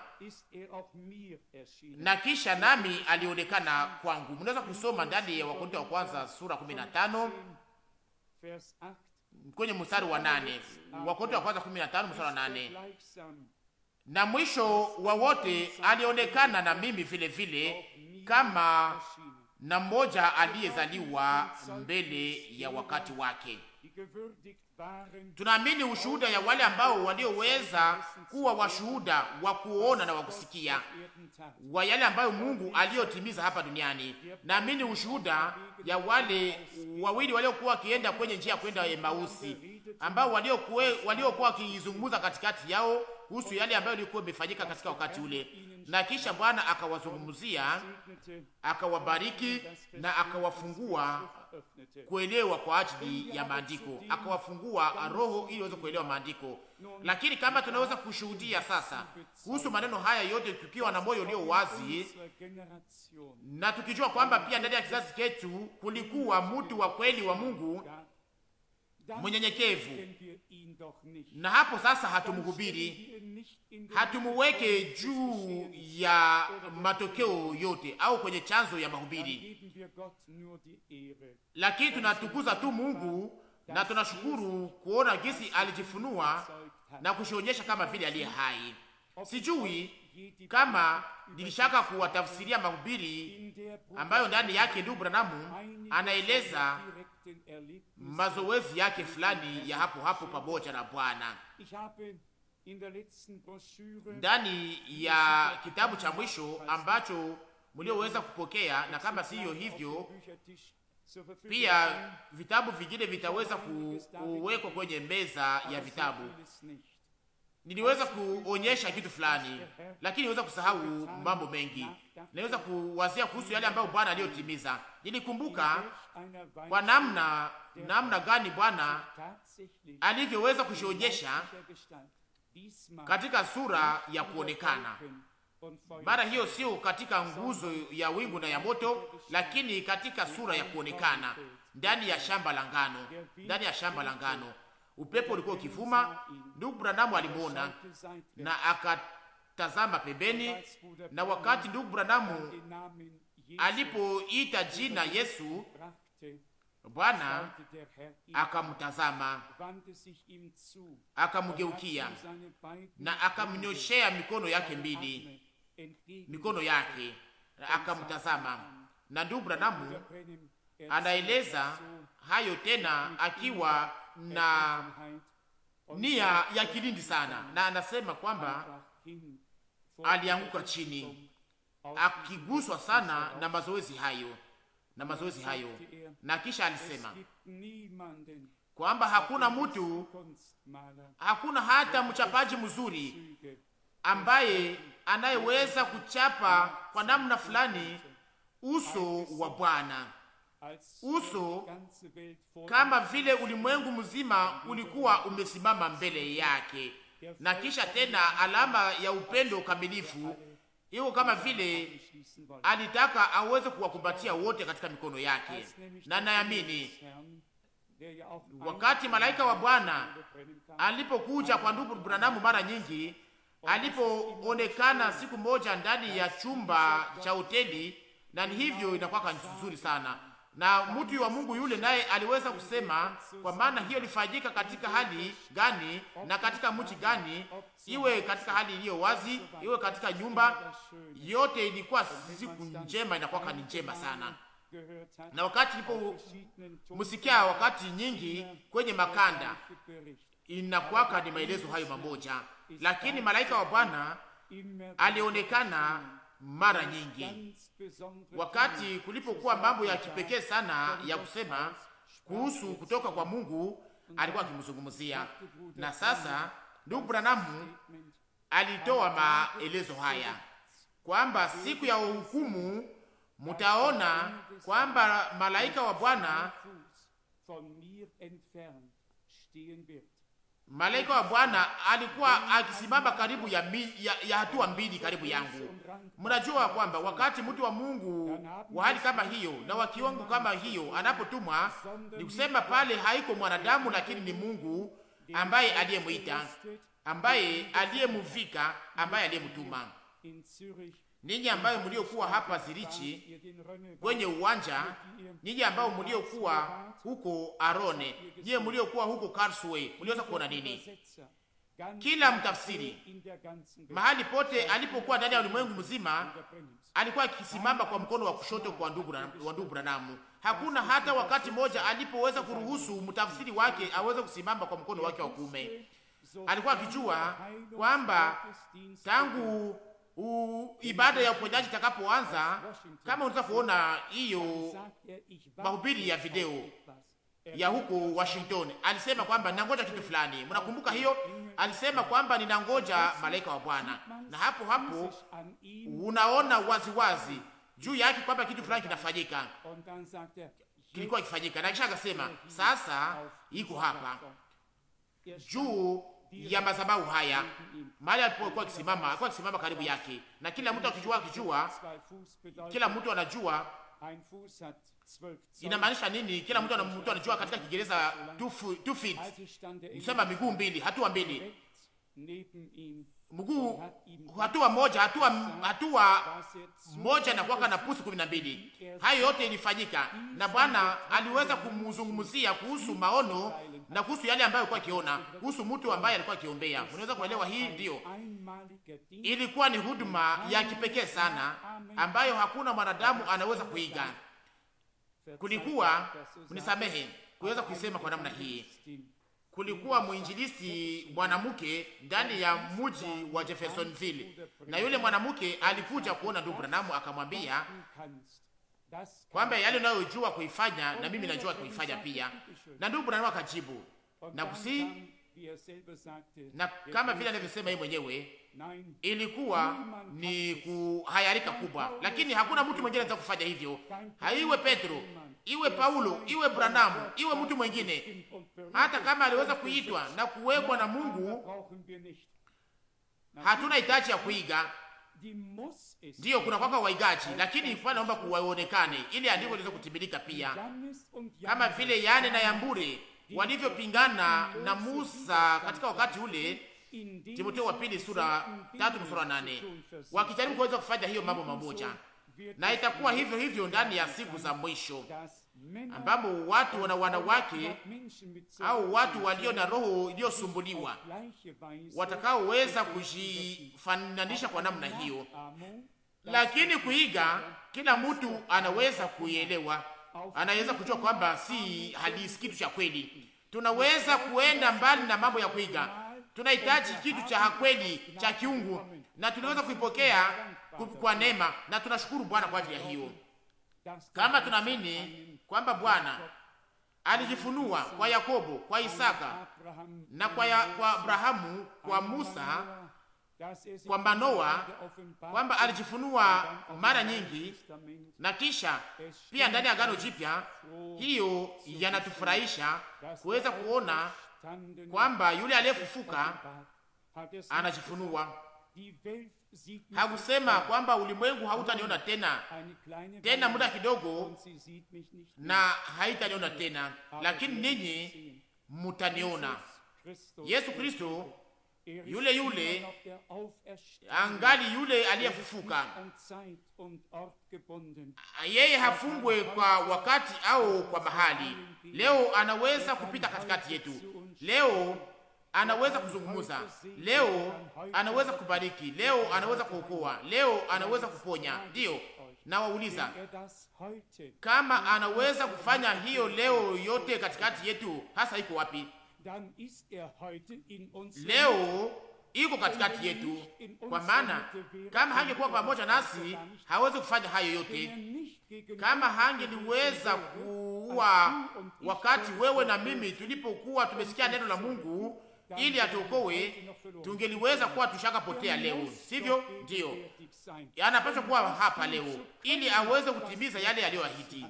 na kisha nami alionekana kwangu. Mnaweza kusoma ndani ya wakorinto wa kwanza sura kumi na tano kwenye mstari wa nane. Wakorintho wa kwanza tano mstari wa nane. Na mwisho wa wote alionekana na mimi vile vile kama na mmoja aliyezaliwa mbele ya wakati wake. Tunaamini ushuhuda ya wale ambao walioweza kuwa washuhuda wa kuona na wa kusikia wa yale ambayo Mungu aliyotimiza hapa duniani. Naamini ushuhuda ya wale wawili waliokuwa wakienda kwenye njia ya kwenda Emausi, ambao waliokuwa waliokuwa katikati yao kuhusu yale ambayo ilikuwa imefanyika katika wakati ule, na kisha Bwana akawazungumzia, akawabariki na akawafungua kuelewa kwa ajili ya maandiko, akawafungua roho ili waweze kuelewa maandiko. Lakini kama tunaweza kushuhudia sasa kuhusu maneno haya yote tukiwa na moyo ulio wazi na tukijua kwamba pia ndani ya kizazi chetu kulikuwa mtu wa kweli wa Mungu mnyenyekevu, na hapo sasa hatumhubiri, hatumuweke juu ya matokeo yote au kwenye chanzo ya mahubiri, lakini tunatukuza tu Mungu na tunashukuru kuona jinsi alijifunua na kushionyesha kama vile aliye hai. Sijui kama nilishaka kuwatafsiria mahubiri ambayo ndani yake ndugu Branamu anaeleza mazoezi yake fulani ya hapo hapo pamoja na Bwana ndani ya kitabu cha mwisho ambacho mlioweza kupokea, na kama siyo hivyo pia vitabu vingine vitaweza kuwekwa kwenye meza ya vitabu niliweza kuonyesha kitu fulani, lakini niweza kusahau mambo mengi. Naweza kuwazia kuhusu yale ambayo Bwana aliyotimiza. Nilikumbuka kwa namna namna gani Bwana alivyoweza kujionyesha katika sura ya kuonekana. Mara hiyo sio katika nguzo ya wingu na ya moto, lakini katika sura ya kuonekana ndani ya shamba la ngano, ndani ya shamba la ngano Upepo ulikuwa ukivuma, ndugu Branamu alimwona na akatazama pembeni, na wakati ndugu Branamu alipoita jina Yesu, Bwana akamtazama, akamgeukia na akamnyoshea mikono yake mbili, mikono yake akamtazama. Na ndugu Branamu anaeleza hayo tena akiwa na nia ya kilindi sana, na anasema kwamba alianguka chini akiguswa sana na mazoezi hayo na mazoezi hayo, na kisha alisema kwamba hakuna mtu, hakuna hata mchapaji mzuri ambaye anayeweza kuchapa kwa namna fulani uso wa Bwana uso kama vile ulimwengu mzima ulikuwa umesimama mbele yake, na kisha tena alama ya upendo kamilifu iko kama vile alitaka aweze kuwakumbatia wote katika mikono yake. Na naamini wakati malaika wa Bwana alipokuja kwa ndugu Branamu mara nyingi, alipoonekana siku moja ndani ya chumba cha hoteli, na ni hivyo inakuwa nzuri sana na mtu wa Mungu yule naye aliweza kusema, kwa maana hiyo ilifanyika katika hali gani na katika mji gani, iwe katika hali iliyo wazi, iwe katika nyumba yote, ilikuwa siku njema, inakuwa ni njema sana. Na wakati msikia, wakati nyingi kwenye makanda, inakuwa ni maelezo hayo mamoja, lakini malaika wa Bwana alionekana mara nyingi, wakati kulipokuwa mambo ya kipekee sana ya kusema kuhusu kutoka kwa Mungu alikuwa akimzungumzia. Na sasa ndugu Branamu alitoa maelezo haya kwamba siku ya hukumu mutaona kwamba malaika wa Bwana Malaika wa Bwana alikuwa akisimama karibu ya, mi, ya, ya hatua mbili karibu yangu. Mnajua kwamba wakati mtu wa Mungu wa hali kama hiyo na wa kiwango kama hiyo anapotumwa, ni kusema pale haiko mwanadamu, lakini ni Mungu ambaye aliyemwita, ambaye aliyemuvika, ambaye aliyemtuma ninyi ambayo mliokuwa hapa Zirichi kwenye uwanja, ninyi ambayo mliokuwa huko Arone, nyie mliokuwa huko Karlsruhe, mliweza kuona nini? Kila mtafsiri mahali pote alipokuwa ndani ya ulimwengu mzima alikuwa akisimama kwa mkono wa kushoto kwa ndugu Branamu. Hakuna hata wakati mmoja alipoweza kuruhusu mtafsiri wake aweze kusimama kwa mkono wake wa kuume. Alikuwa akijua kwamba tangu ibada ya uponyaji itakapoanza, kama unaweza kuona hiyo mahubiri ya video ya huko Washington, alisema kwamba ninangoja kitu fulani. Mnakumbuka hiyo? Alisema kwamba ninangoja malaika wa Bwana, na hapo hapo unaona waziwazi wazi juu yake kwamba kitu fulani kinafanyika, kilikuwa kifanyika, na kisha akasema sasa iko hapa juu ya madhabahu haya mahali alipokuwa akisimama, alikuwa akisimama karibu yake, na kila mtu akijua, akijua, kila mtu anajua inamaanisha nini. Kila mtu mtu anajua katika Kiingereza two feet, nisema miguu mbili, hatua mbili mguu hatua moja hatua hatua moja na kuwaka na pusi kumi na mbili. Hayo yote ilifanyika na Bwana aliweza kumzungumzia kuhusu maono na kuhusu yale ambayo alikuwa akiona, kuhusu mtu ambaye alikuwa akiombea. Unaweza kuelewa hii? Ndiyo, ilikuwa ni huduma ya kipekee sana ambayo hakuna mwanadamu anaweza kuiga. Kulikuwa, unisamehe kuweza kuisema kwa namna hii, kulikuwa mwinjilisi mwanamke ndani ya mji wa Jeffersonville, na yule mwanamke alikuja kuona ndugu Branham, akamwambia kwamba yale unayojua kuifanya na mimi najua kuifanya pia. Na ndugu Branham akajibu na kusi, na kama vile alivyosema yeye mwenyewe ilikuwa ni kuhayarika kubwa, lakini hakuna mtu mwingine anaweza kufanya hivyo, haiwe Petro iwe Paulo iwe Branham iwe mtu mwengine, hata kama aliweza kuitwa na kuwekwa na Mungu, hatuna hitaji ya kuiga. Ndiyo, kuna kwaka waigaji, lakini ifaa naomba kuwaonekane ili andiko liweze kutimilika pia, kama vile Yane na Yambure walivyopingana na Musa katika wakati ule, Timotheo wa pili sura tatu mstari nane, wakijaribu kuweza kufanya hiyo mambo mamoja na itakuwa hivyo hivyo ndani ya siku za mwisho, ambapo watu na wanawake au watu walio na roho iliyosumbuliwa watakaoweza kujifananisha kwa namna hiyo, lakini kuiga, kila mtu anaweza kuielewa, anaweza kujua kwamba si halisi, kitu cha kweli. Tunaweza kuenda mbali na mambo ya kuiga, tunahitaji kitu cha kweli cha kiungu, na tunaweza kuipokea kwa neema, na tunashukuru Bwana kwa ajili ya hiyo. Kama tunaamini kwamba Bwana alijifunua kwa Yakobo, kwa Isaka na kwa, ya, kwa Abrahamu, kwa Musa, kwa manoa kwamba alijifunua mara nyingi na kisha pia ndani ya Agano Jipya. Hiyo yanatufurahisha kuweza kuona kwamba yule aliyefufuka anajifunua hakusema kwamba ulimwengu hautaniona tena tena muda kidogo na haitaniona tena, lakini ninyi mutaniona. Yesu Kristo yule yule angali yule aliyefufuka, yeye hafungwe kwa wakati au kwa mahali. Leo anaweza kupita katikati yetu leo anaweza kuzungumza leo, anaweza kubariki leo, anaweza kuokoa leo, anaweza kuponya. Ndiyo, nawauliza kama anaweza kufanya hiyo leo yote katikati yetu, hasa iko wapi er leo? Iko katikati er yetu, kwa maana kama hangekuwa pamoja nasi hawezi kufanya hayo yote. Er kama hangeliweza kuwa wakati wewe na mimi tulipokuwa tumesikia neno la Mungu ili atuokoe, tungeliweza kuwa tushakapotea leo, sivyo? Ndiyo, anapaswa kuwa hapa leo ili aweze kutimiza yale aliyoahidi.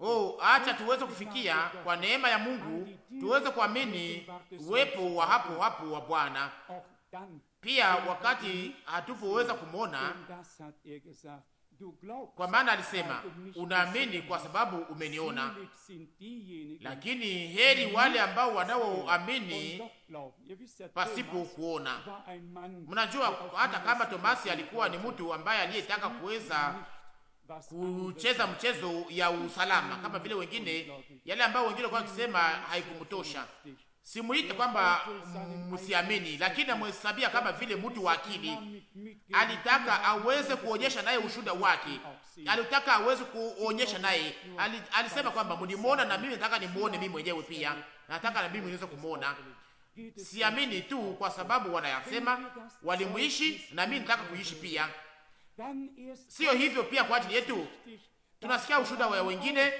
Oh, acha tuweze kufikia kwa neema ya Mungu, tuweze kuamini uwepo wa hapo hapo wa Bwana pia wakati hatupoweza kumwona kwa maana alisema unaamini kwa sababu umeniona, lakini heri wale ambao wanaoamini pasipo kuona. Mnajua, hata kama Tomasi alikuwa ni mtu ambaye aliyetaka kuweza kucheza mchezo ya usalama kama vile wengine, yale ambao wengine walikuwa wakisema haikumtosha, Simuite kwamba msiamini, lakini amhesabia kama vile mtu wa akili. Alitaka aweze kuonyesha naye ushuda wake, alitaka aweze kuonyesha naye alisema kwamba mlimwona na mimi nataka nimuone mimi mwenyewe pia, nataka na mimi niweze kumuona. Siamini tu kwa sababu wanayasema, walimuishi na mimi nataka kuishi pia. Sio hivyo pia kwa ajili yetu tunasikia ushuda wa wengine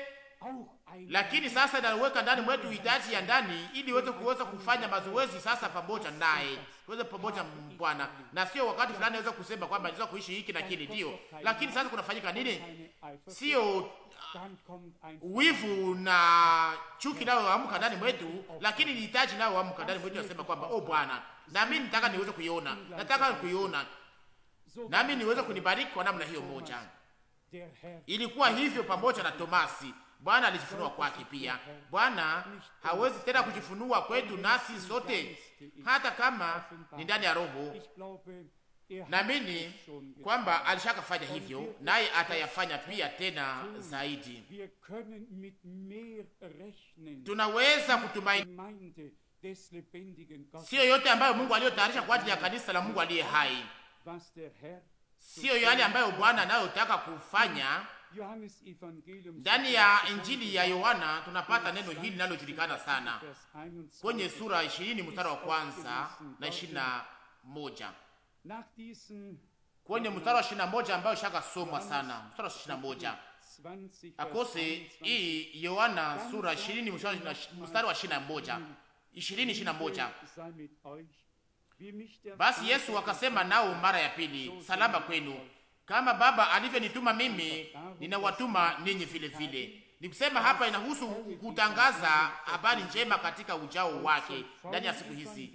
lakini sasa inaweka ndani mwetu hitaji ya ndani, ili iweze kuweza kufanya mazoezi sasa pamoja naye, tuweze pamoja Bwana, na sio wakati fulani naweza kusema kwamba niweza kuishi hiki na kile, ndio. Lakini sasa kunafanyika nini? Sio uh, wivu na chuki nayo amka ndani mwetu, lakini ni hitaji nayo amka ndani mwetu, nasema kwamba oh Bwana, na mimi nitaka niweze kuiona, nataka kuiona, nami niweze kunibariki kwa namna hiyo moja. Ilikuwa hivyo pamoja na Tomasi Bwana alijifunua kwake pia. Bwana hawezi tena kujifunua kwetu nasi sote, hata kama ni ndani ya Roho. Naamini kwamba alishakafanya hivyo, naye atayafanya pia tena zaidi. Tunaweza kutumaini siyo yote ambayo Mungu aliyotayarisha kwa ajili ya kanisa la Mungu aliye hai, siyo yale ambayo Bwana anayotaka kufanya ndani ya Injili ya Yohana tunapata neno hili linalojulikana sana kwenye sura 20 mstari wa kwanza na 21 kwenye mstari wa 21 ambayo shaka somwa sana, mstari wa 21 akose hii Yohana sura 20 mstari wa 21 20 21. Basi Yesu akasema nao mara ya pili, salama kwenu kama Baba alivyonituma mimi, ninawatuma ninyi vile vile. Nikusema hapa inahusu kutangaza habari njema katika ujao wake ndani ya siku hizi,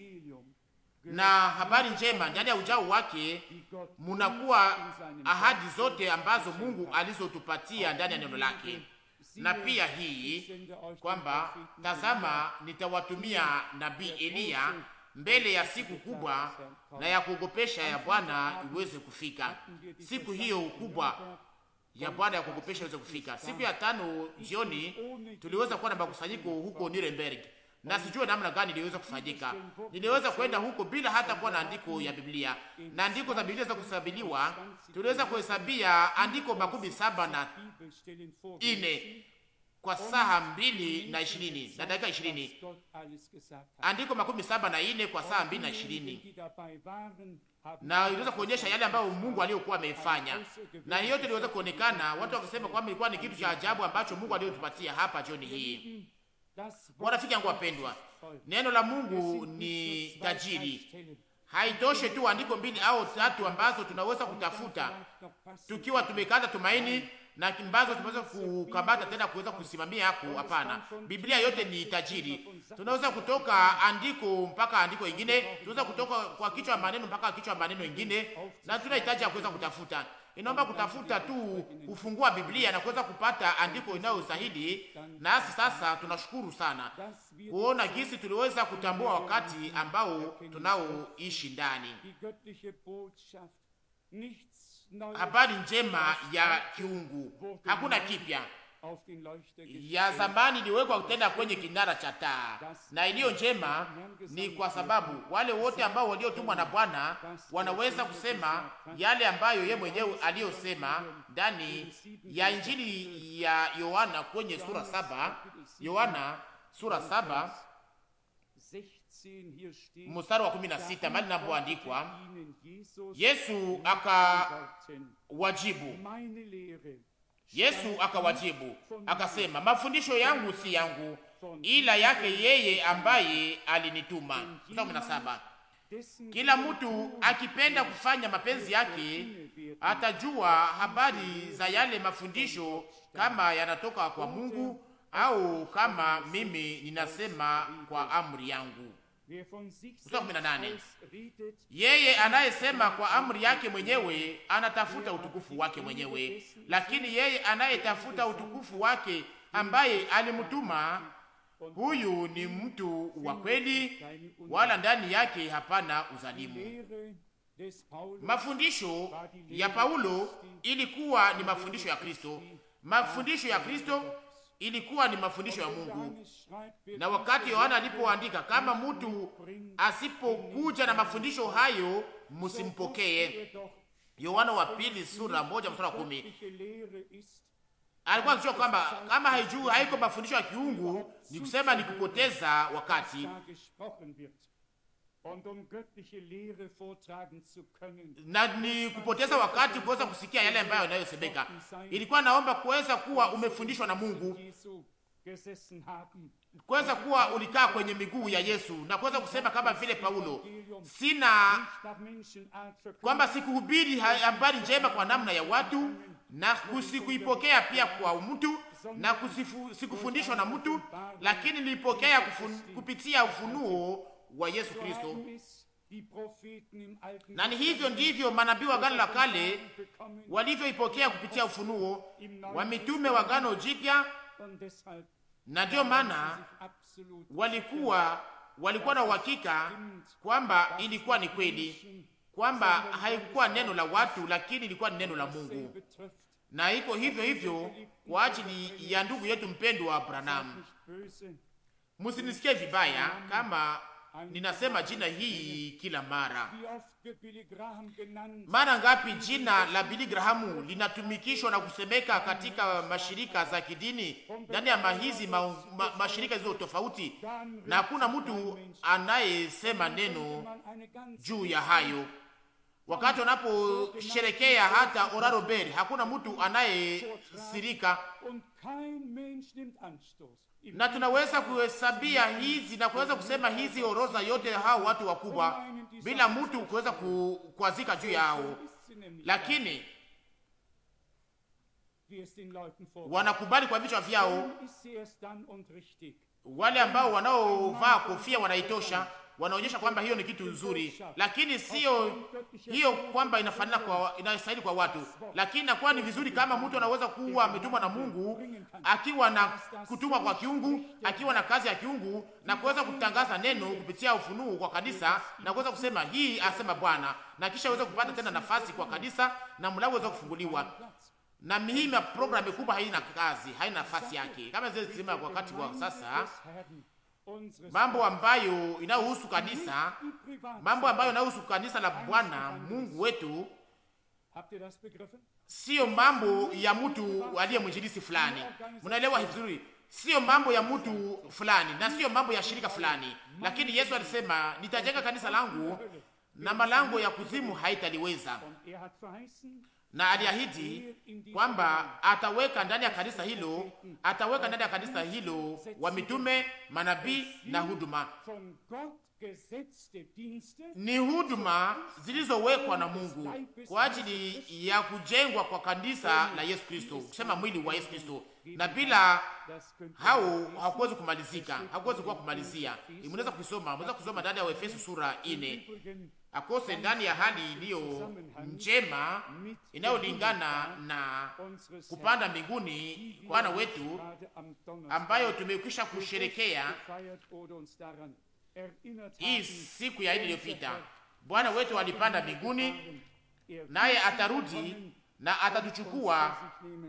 na habari njema ndani ya ujao wake munakuwa ahadi zote ambazo Mungu alizotupatia ndani ya neno lake, na pia hii kwamba, tazama, nitawatumia nabii Eliya mbele ya siku kubwa na ya kuogopesha ya Bwana iweze kufika. Siku hiyo kubwa ya Bwana ya kuogopesha iweze kufika. Siku ya tano jioni tuliweza kuwa na makusanyiko huko Nuremberg, na sijue namna gani iliweza kufanyika. Niliweza kwenda huko bila hata kuwa na andiko ya Biblia na andiko za Biblia za kusabiliwa, tuliweza kuhesabia andiko makumi saba na ine kwa saa mbili na ishirini na dakika ishirini andiko makumi saba na ine kwa saa mbili na ishirini na iliweza kuonyesha yale ambayo Mungu aliyokuwa ameifanya, na yote iliweza kuonekana. Watu wakasema kwamba ilikuwa ni kitu cha ajabu ambacho Mungu aliyotupatia hapa jioni hii. Warafiki yangu wapendwa, neno la Mungu ni tajiri. Haitoshe tu andiko mbili au tatu ambazo tunaweza kutafuta tukiwa tumekata tumaini na kimbazo tunaweza kukabata tena kuweza kusimamia hapo. Hapana, Biblia yote ni tajiri. Tunaweza kutoka andiko mpaka andiko ingine, tunaweza kutoka kwa kichwa maneno mpaka kichwa maneno ingine, na tunahitaji ya kuweza kutafuta. Inaomba kutafuta tu kufungua Biblia na kuweza kupata andiko inayostahili. Nasi sasa tunashukuru sana kuona jinsi tuliweza kutambua wakati ambao tunaoishi ndani habari njema ya kiungu, hakuna kipya ya zamani iliwekwa kutenda kwenye kinara cha taa, na iliyo njema ni kwa sababu wale wote ambao waliotumwa na Bwana wanaweza kusema yale ambayo ye mwenyewe aliyosema ndani ya Injili ya Yohana kwenye sura saba, Yohana sura saba mstari wa kumi na sita mali napoandikwa, Yesu akawajibu, Yesu akawajibu akasema, mafundisho yangu si yangu, ila yake yeye ambaye alinituma. kumi na saba kila mtu akipenda kufanya mapenzi yake atajua habari za yale mafundisho, kama yanatoka kwa Mungu au kama mimi ninasema kwa amri yangu. Yeye anayesema kwa amri yake mwenyewe anatafuta utukufu wake mwenyewe, lakini yeye anayetafuta utukufu wake ambaye alimtuma, huyu ni mtu wa kweli, wala ndani yake hapana uzalimu Mafundisho ya Paulo ilikuwa ni mafundisho ya Kristo, mafundisho ya Kristo ilikuwa ni mafundisho ya Mungu. Na wakati Yohana alipoandika, kama mtu asipokuja na mafundisho hayo msimpokee, Yohana wa pili sura moja mstari wa kumi, alikuwa akijua kwamba kama haijui haiko mafundisho ya kiungu, ni kusema ni kupoteza wakati Um na ni kupoteza wakati kuweza kusikia yale ambayo yanayosemeka. Ilikuwa naomba kuweza kuwa umefundishwa na Mungu, kuweza kuwa ulikaa kwenye miguu ya Yesu na kuweza kusema kama vile Paulo, sina kwamba sikuhubiri habari njema kwa namna ya watu na kusikuipokea pia kwa mtu na sikufundishwa na mtu, lakini nilipokea kupitia ufunuo wa Yesu Kristo, na ni hivyo ndivyo manabii wa gano la Kale walivyoipokea kupitia ufunuo wa mitume wa gano Jipya, na ndiyo maana walikuwa walikuwa na uhakika kwamba ilikuwa ni kweli, kwamba haikuwa neno la watu, lakini ilikuwa ni neno la Mungu. Na iko hivyo hivyo kwa ajili ya ndugu yetu mpendwa Branham. Msinisikie vibaya kama Ninasema jina hii kila mara. Mara ngapi jina la Billy Graham linatumikishwa na kusemeka katika mashirika za kidini ndani ya mahizi ma, ma, mashirika hizo tofauti, na hakuna mtu anayesema neno juu ya hayo. Wakati wanaposherekea hata Oraroberi, hakuna mtu anayesirika na tunaweza kuhesabia hizi na kuweza kusema hizi oroza yote hao watu wakubwa bila mtu kuweza kukwazika juu yao, lakini wanakubali kwa vichwa vyao. Wale ambao wanaovaa kofia wanaitosha wanaonyesha kwamba hiyo ni kitu nzuri, lakini sio hiyo kwamba inafanana kwa inastahili kwa watu, lakini inakuwa ni vizuri kama mtu anaweza kuwa ametumwa na Mungu akiwa na kutumwa kwa kiungu, akiwa na kazi ya kiungu na kuweza kutangaza neno kupitia ufunuo kwa kanisa na kuweza kusema hii asema Bwana, na kisha uweze kupata tena nafasi kwa kanisa na mlango uweze kufunguliwa na mihima programu kubwa haina kazi, haina nafasi yake kama zile zisema wakati wa sasa mambo ambayo inayohusu kanisa, mambo ambayo inayohusu kanisa la Bwana Mungu wetu, siyo mambo ya mtu aliye mwinjilisi fulani. Mnaelewa vizuri, siyo mambo ya mtu fulani na siyo mambo ya shirika fulani, lakini Yesu alisema, nitajenga kanisa langu na malango ya kuzimu haitaliweza na aliahidi kwamba ataweka ndani ya kanisa hilo, ataweka ndani ya kanisa hilo wa mitume, manabii na huduma. Ni huduma zilizowekwa na Mungu kwa ajili ya kujengwa kwa kanisa la Yesu Kristo, kusema mwili wa Yesu Kristo, na bila hao hakuwezi kumalizika, hakuwezi kuwa kumalizia. Mnaweza kusoma, mnaweza kusoma ndani ya Efeso sura akose ndani ya hali iliyo njema inayolingana na kupanda mbinguni Bwana wetu, ambayo tumekwisha kusherekea hii siku ya iliyopita. Bwana wetu alipanda mbinguni, naye atarudi na atatuchukua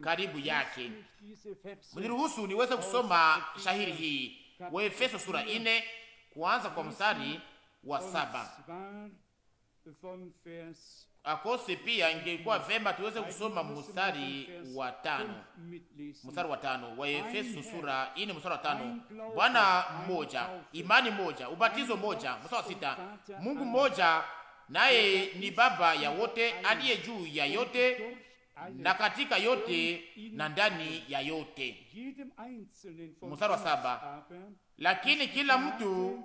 karibu yake. Mniruhusu niweze kusoma shahiri hii, Waefeso sura ine kuanza kwa mstari wa saba akosi pia ingekuwa mm. vema tuweze kusoma mstari wa tano, mstari wa tano wa Efeso sura ine mstari wa tano. Bwana mmoja, imani moja, ubatizo moja. Mstari wa sita, Mungu mmoja, naye ni baba ya wote, aliye juu ya yote na katika yote na ndani ya yote. Mstari wa saba, lakini kila mtu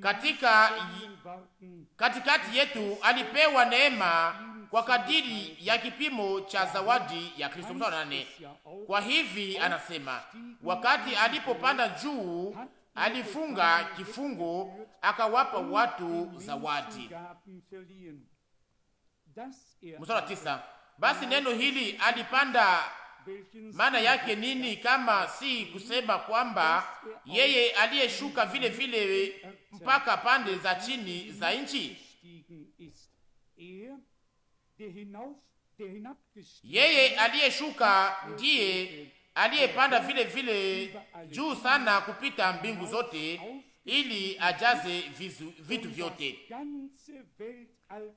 katika katikati yetu alipewa neema kwa kadiri ya kipimo cha zawadi ya Kristo. Nane. Kwa hivi anasema, wakati alipopanda juu alifunga kifungo akawapa watu zawadi. Mstari tisa. Basi neno hili alipanda maana yake nini kama si kusema kwamba yeye aliyeshuka vile vile mpaka pande za chini za nchi? Yeye aliyeshuka ndiye aliyepanda vile vile juu sana kupita mbingu zote ili ajaze vizu, vitu vyote,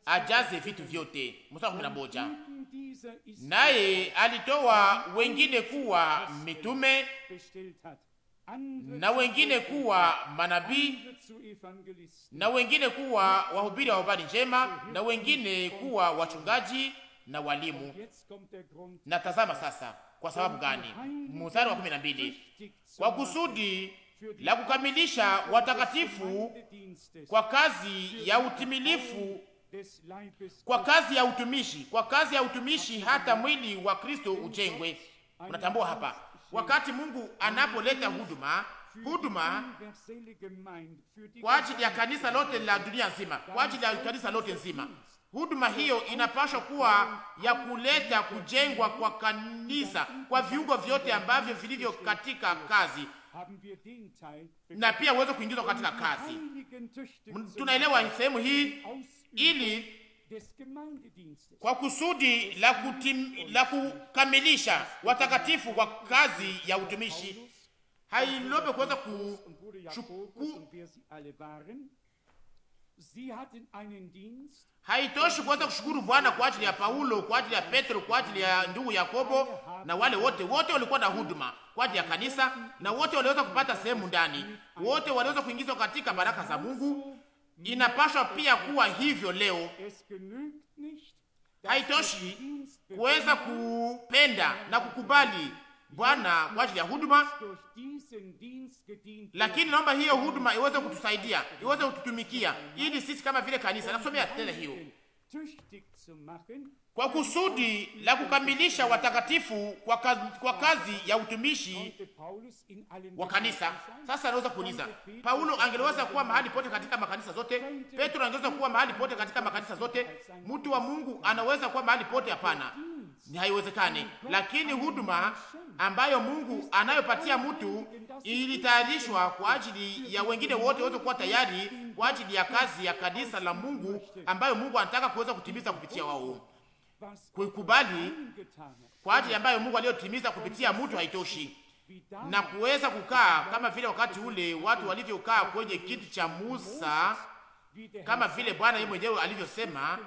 ajaze vitu vyote. Mstari kumi na moja, naye alitoa wengine kuwa mitume na wengine kuwa manabii na wengine kuwa wahubiri wa habari njema na wengine kuwa wachungaji na walimu. Na tazama sasa, kwa sababu gani? Mstari wa kumi na mbili, kwa kusudi la kukamilisha watakatifu kwa kazi ya utimilifu, kwa kazi ya utumishi, kwa kazi ya utumishi, hata mwili wa Kristo ujengwe. Unatambua hapa, wakati Mungu anapoleta huduma huduma kwa ajili ya kanisa lote la dunia nzima, kwa ajili ya kanisa lote nzima. Huduma hiyo inapaswa kuwa ya kuleta kujengwa kwa kanisa, kwa viungo vyote ambavyo vilivyo katika kazi na pia uweze kuingizwa katika kazi. Tunaelewa sehemu hii ili kwa kusudi la, kutim, la kukamilisha watakatifu kwa kazi ya utumishi hailope kuweza kuchukua Haitoshi kuweza kushukuru Bwana kwa ajili ya Paulo, kwa ajili ya Petro, kwa ajili ya ndugu Yakobo na wale wote wote walikuwa na huduma kwa ajili ya kanisa, na wote waliweza kupata sehemu ndani, wote waliweza kuingizwa katika baraka za Mungu. Inapaswa pia kuwa hivyo leo. Haitoshi kuweza kupenda na kukubali Bwana kwa ajili ya huduma, lakini naomba hiyo huduma iweze kutusaidia, iweze kututumikia, ili sisi kama vile kanisa, nasomea tena hiyo kwa kusudi la kukamilisha watakatifu kwa, kazi, kwa kazi ya utumishi wa kanisa. Sasa anaweza kuuliza, Paulo angeweza kuwa mahali pote katika makanisa zote? Petro angeweza kuwa mahali pote katika makanisa zote? Mtu wa Mungu anaweza kuwa mahali pote? Hapana ni haiwezekani, lakini huduma ambayo Mungu anayopatia mtu ilitayarishwa kwa ajili ya wengine wote waweze kuwa tayari kwa ajili ya kazi ya kanisa la Mungu ambayo Mungu anataka kuweza kutimiza kupitia wao. Kuikubali kwa ajili ambayo Mungu aliyotimiza kupitia mtu haitoshi, na kuweza kukaa kama vile wakati ule watu walivyokaa kwenye kiti cha Musa, kama vile Bwana yeye mwenyewe alivyosema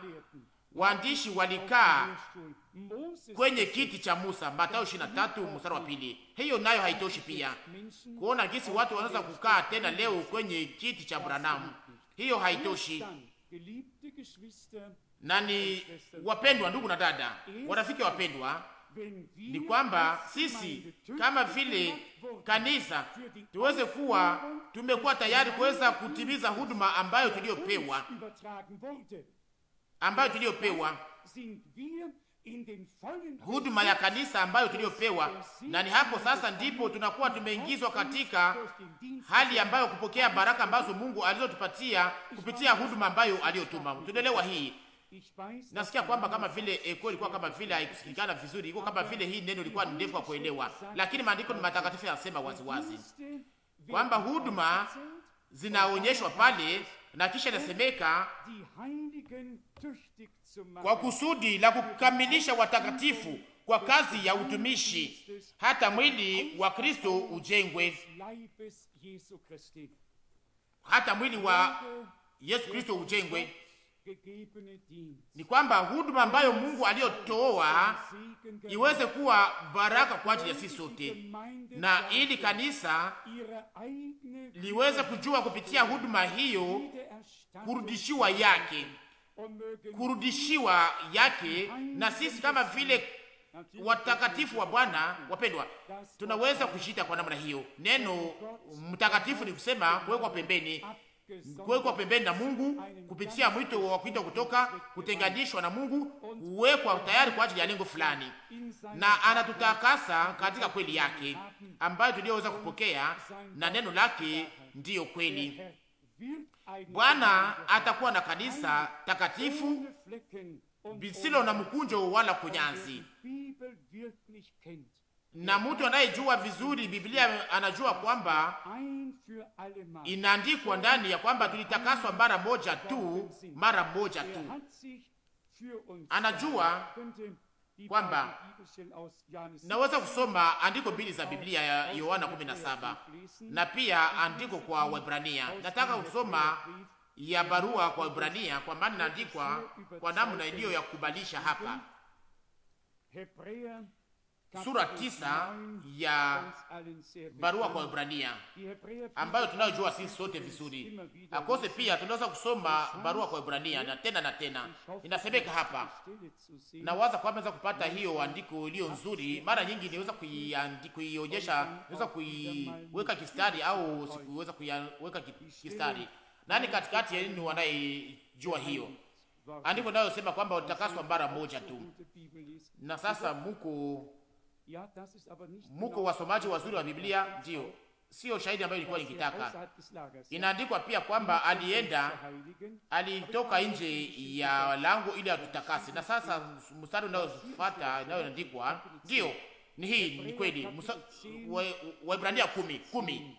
waandishi walikaa kwenye kiti cha Musa, Mathayo 23 mstari wa pili. Hiyo nayo haitoshi pia kuona gisi watu wanaweza kukaa tena leo kwenye kiti cha Branamu, hiyo haitoshi. nani wapendwa ndugu na dada, warafiki wapendwa, ni kwamba sisi kama vile kanisa tuweze kuwa tumekuwa tayari kuweza kutimiza huduma ambayo tuliyopewa ambayo tuliyopewa, huduma ya kanisa ambayo tuliyopewa, na ni hapo sasa ndipo tunakuwa tumeingizwa katika hali ambayo kupokea baraka ambazo Mungu alizotupatia kupitia huduma ambayo aliyotuma. Tunaelewa hii. Nasikia kwamba kama vile eko eh, ilikuwa kama vile haikusikilikana vizuri, iko kama vile hii neno ilikuwa ni ndefu kwa kuelewa, lakini maandiko ni matakatifu yanasema waziwazi kwamba huduma zinaonyeshwa pale na kisha inasemeka kwa kusudi la kukamilisha watakatifu kwa kazi ya utumishi, hata mwili wa Kristo ujengwe, hata mwili wa Yesu Kristo ujengwe. Ni kwamba huduma ambayo Mungu aliyotoa iweze kuwa baraka kwa ajili ya sisi sote, na ili kanisa liweze kujua kupitia huduma hiyo kurudishiwa yake kurudishiwa yake, na sisi kama vile watakatifu wa Bwana wapendwa, tunaweza kushita kwa namna hiyo. Neno mtakatifu ni kusema kuwekwa pembeni, kuwekwa pembeni na Mungu kupitia mwito wa kuitwa kutoka, kutenganishwa na Mungu, kuwekwa tayari kwa ajili ya lengo fulani, na anatutakasa katika kweli yake ambayo tuliyoweza kupokea, na neno lake ndiyo kweli. Bwana atakuwa na kanisa takatifu bisilo na mkunjo wala kunyanzi. Na mtu anayejua vizuri Biblia anajua kwamba inaandikwa ndani ya kwamba tulitakaswa mara moja tu, mara moja tu. Anajua kwamba naweza kusoma andiko mbili za Biblia ya Yohana 17 na pia andiko kwa Waebrania. Nataka kusoma ya barua kwa Waebrania kwa maana inaandikwa kwa namna iliyo ya kukubalisha hapa sura tisa ya barua kwa Ibrania ambayo tunayojua sisi sote vizuri. Akose pia tunaweza kusoma barua kwa Ibrania na tena na tena, inasemeka hapa. Nawaza kwamba naweza kupata hiyo andiko iliyo nzuri, mara nyingi niweza kuionyesha, niweza kuiweka kistari au sikuweza kuiweka kistari. Nani katikati nini wanayejua hiyo andiko nayosema kwamba utakaswa mara moja tu? Na sasa muko Muko wasomaji wazuri wa Biblia, ndiyo siyo shahidi ambayo ilikuwa ikitaka. Inaandikwa pia kwamba alienda, alitoka nje ya lango ili atutakase. Na sasa mstari unayofuata nayo inaandikwa, ndiyo ni hii, ni kweli. Waibrania kumi kumi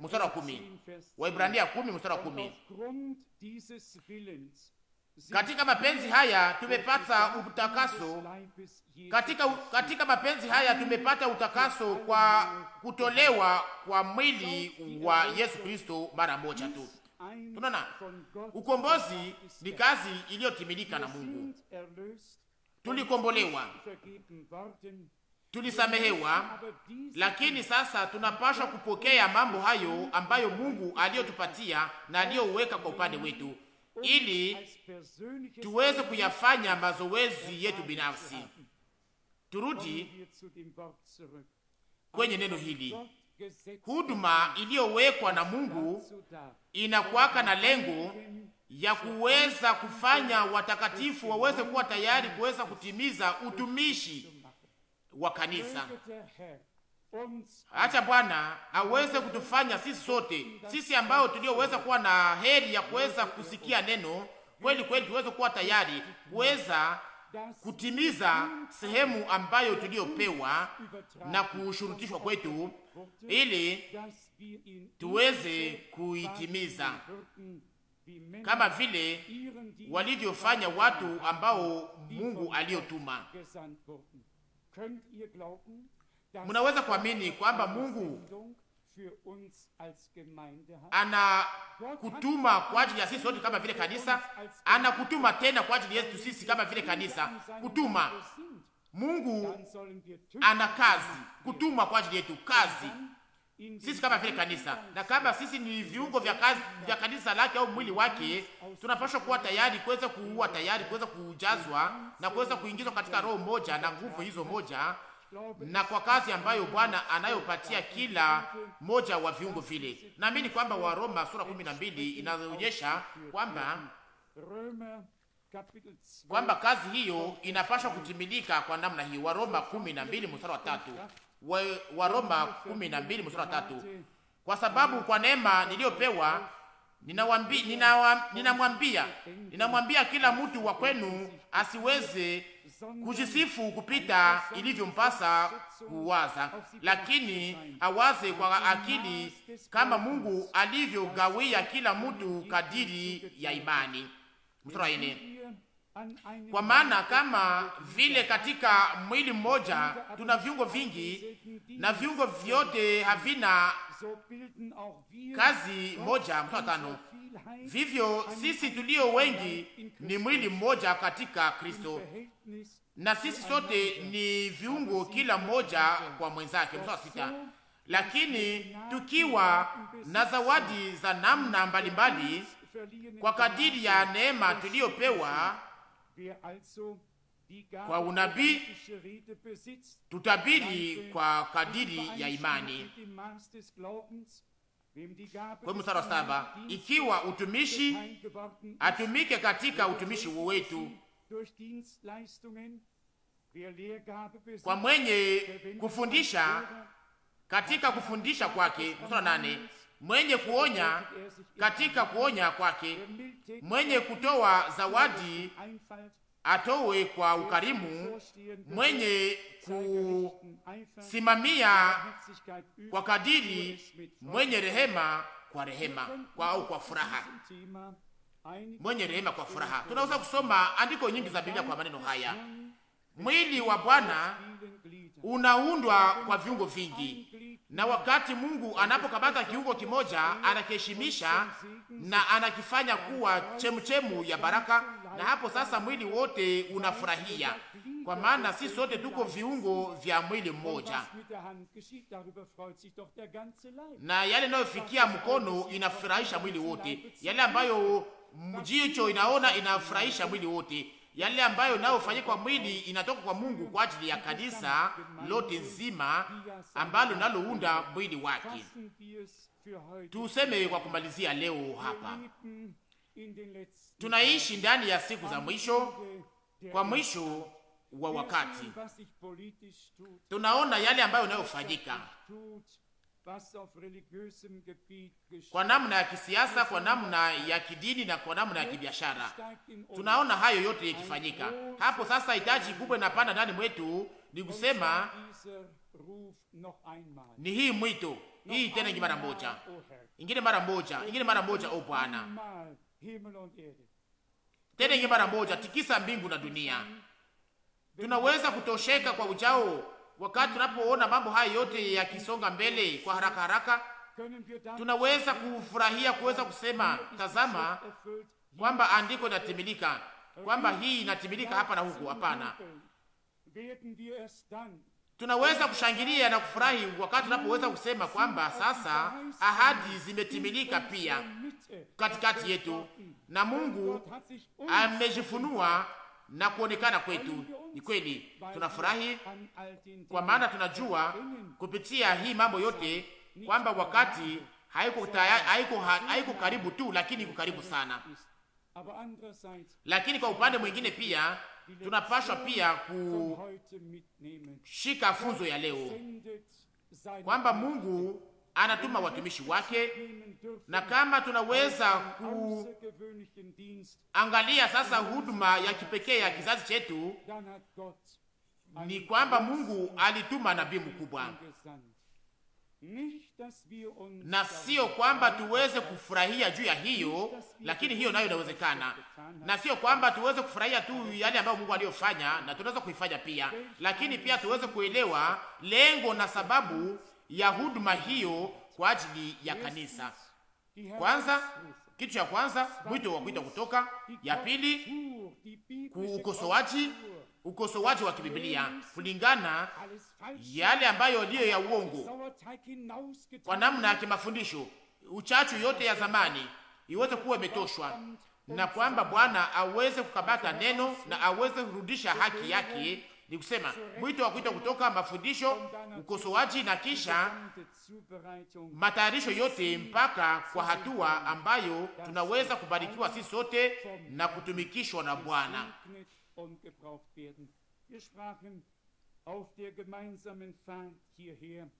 mstari wa kumi Waibrania kumi mstari wa kumi katika mapenzi haya tumepata utakaso, katika, katika mapenzi haya tumepata utakaso kwa kutolewa kwa mwili wa Yesu Kristo mara moja tu. Tunaona ukombozi ni kazi iliyotimilika na Mungu. Tulikombolewa, tulisamehewa, lakini sasa tunapaswa kupokea mambo hayo ambayo Mungu aliyotupatia na aliyoweka kwa upande wetu ili tuweze kuyafanya mazoezi yetu binafsi. Turudi kwenye neno hili, huduma iliyowekwa na Mungu inakuwaka na lengo ya kuweza kufanya watakatifu waweze kuwa tayari kuweza kutimiza utumishi wa kanisa. Acha Bwana aweze kutufanya sisi sote, sisi ambao tulioweza kuwa na heri ya kuweza kusikia neno kweli kweli, tuweze kuwa tayari kuweza kutimiza sehemu ambayo tuliyopewa na kushurutishwa kwetu, ili tuweze kuitimiza kama vile walivyofanya watu ambao Mungu aliyotuma. Munaweza kuamini kwamba Mungu ana kutuma kwa ajili ya sisi sote kama vile kanisa, ana kutuma tena kwa ajili yetu sisi kama vile kanisa. Kutuma Mungu ana kazi, kutuma kwa ajili yetu kazi sisi kama vile kanisa, na kama sisi ni viungo vya kazi vya kanisa lake au mwili wake, tunapaswa kuwa tayari kuweza kuua, tayari kuweza kujazwa na kuweza kuingizwa katika roho moja na nguvu hizo moja na kwa kazi ambayo Bwana anayopatia kila moja wa viungo vile. Naamini kwamba Waroma sura 12 inaonyesha kwamba kwamba kazi hiyo inapaswa kutimilika kwa namna hii. Waroma 12 mstari wa tatu. Waroma 12 mstari wa tatu. Kwa sababu kwa neema niliyopewa ninamwambia nina nina ninamwambia kila mtu wa kwenu asiweze kujisifu kupita ilivyompasa kuwaza, lakini awaze kwa akili kama Mungu alivyogawia kila mtu kadiri ya imani. Kwa maana kama vile katika mwili mmoja tuna viungo vingi na viungo vyote havina kazi moja. Mstari wa tano Vivyo sisi tulio wengi ni mwili mmoja katika Kristo, na sisi sote ni viungo, kila mmoja kwa mwenzake. Sita, lakini tukiwa na zawadi za namna mbalimbali kwa kadiri ya neema tuliyopewa kwa unabii, tutabiri kwa kadiri ya imani kwa mstari wa saba, ikiwa utumishi atumike katika utumishi wetu kwa mwenye kufundisha katika kufundisha kwake. Mstari nane, mwenye kuonya katika kuonya kwake, mwenye kutoa zawadi atowe kwa ukarimu, mwenye kusimamia kwa kadiri, mwenye rehema kwa rehema kwa au kwa furaha, mwenye rehema kwa furaha. Tunaweza kusoma andiko nyingi za Biblia kwa maneno haya. Mwili wa Bwana unaundwa kwa viungo vingi, na wakati Mungu anapokamata kiungo kimoja, anakiheshimisha na anakifanya kuwa chemuchemu ya baraka na hapo sasa mwili wote unafurahia, kwa maana si sote tuko viungo vya mwili mmoja, na yale inayofikia mkono inafurahisha mwili wote, yale ambayo jicho inaona inafurahisha mwili wote, yale ambayo inayofanyika kwa mwili inatoka kwa Mungu kwa ajili ya kanisa lote nzima ambalo nalounda mwili wake. Tuseme kwa kumalizia leo hapa Tunaishi ndani ya siku za mwisho, kwa mwisho wa wakati. Tunaona yale ambayo yanayofanyika kwa namna ya kisiasa, kwa namna ya kidini na kwa namna ya kibiashara. Tunaona hayo yote yakifanyika hapo sasa. Hitaji kubwa na pana ndani mwetu ni kusema ni hii mwito hii tena, ingine mara moja, ingine mara moja, ingine mara moja, o Bwana tena yenye mara moja, tikisa mbingu na dunia. Tunaweza kutosheka kwa ujao wakati tunapoona mambo haya yote yakisonga mbele kwa haraka haraka. Tunaweza kufurahia kuweza kusema, tazama kwamba andiko linatimilika, kwamba hii inatimilika hapa na huku. Hapana, tunaweza kushangilia na kufurahi wakati tunapoweza kusema kwamba sasa ahadi zimetimilika pia katikati yetu, na Mungu amejifunua na kuonekana kwetu. Ni kweli tunafurahi, kwa maana tunajua kupitia hii mambo yote kwamba wakati haiko, haiko, haiko karibu tu, lakini iko karibu sana. Lakini kwa upande mwingine pia tunapashwa pia kushika funzo ya leo kwamba Mungu anatuma watumishi wake, na kama tunaweza kuangalia sasa huduma ya kipekee ya kizazi chetu, ni kwamba Mungu alituma nabii mkubwa, na sio kwamba tuweze kufurahia juu ya hiyo, lakini hiyo nayo inawezekana, na sio kwamba tuweze kufurahia tu yale ambayo Mungu aliyofanya, na tunaweza kuifanya pia, lakini pia tuweze kuelewa lengo na sababu ya huduma hiyo kwa ajili ya kanisa. Kwanza, kitu cha kwanza mwito wa kuita kutoka. Ya pili, ukosoaji, ukosoaji wa kibiblia kulingana yale ambayo aliyo ya uongo kwa namna ya kimafundisho, uchachu yote ya zamani iweze kuwa imetoshwa na kwamba Bwana aweze kukamata neno na aweze kurudisha haki yake ni kusema mwito wa kuita kutoka mafundisho, ukosoaji na kisha matayarisho yote mpaka kwa hatua ambayo tunaweza kubarikiwa sisi sote na kutumikishwa na Bwana.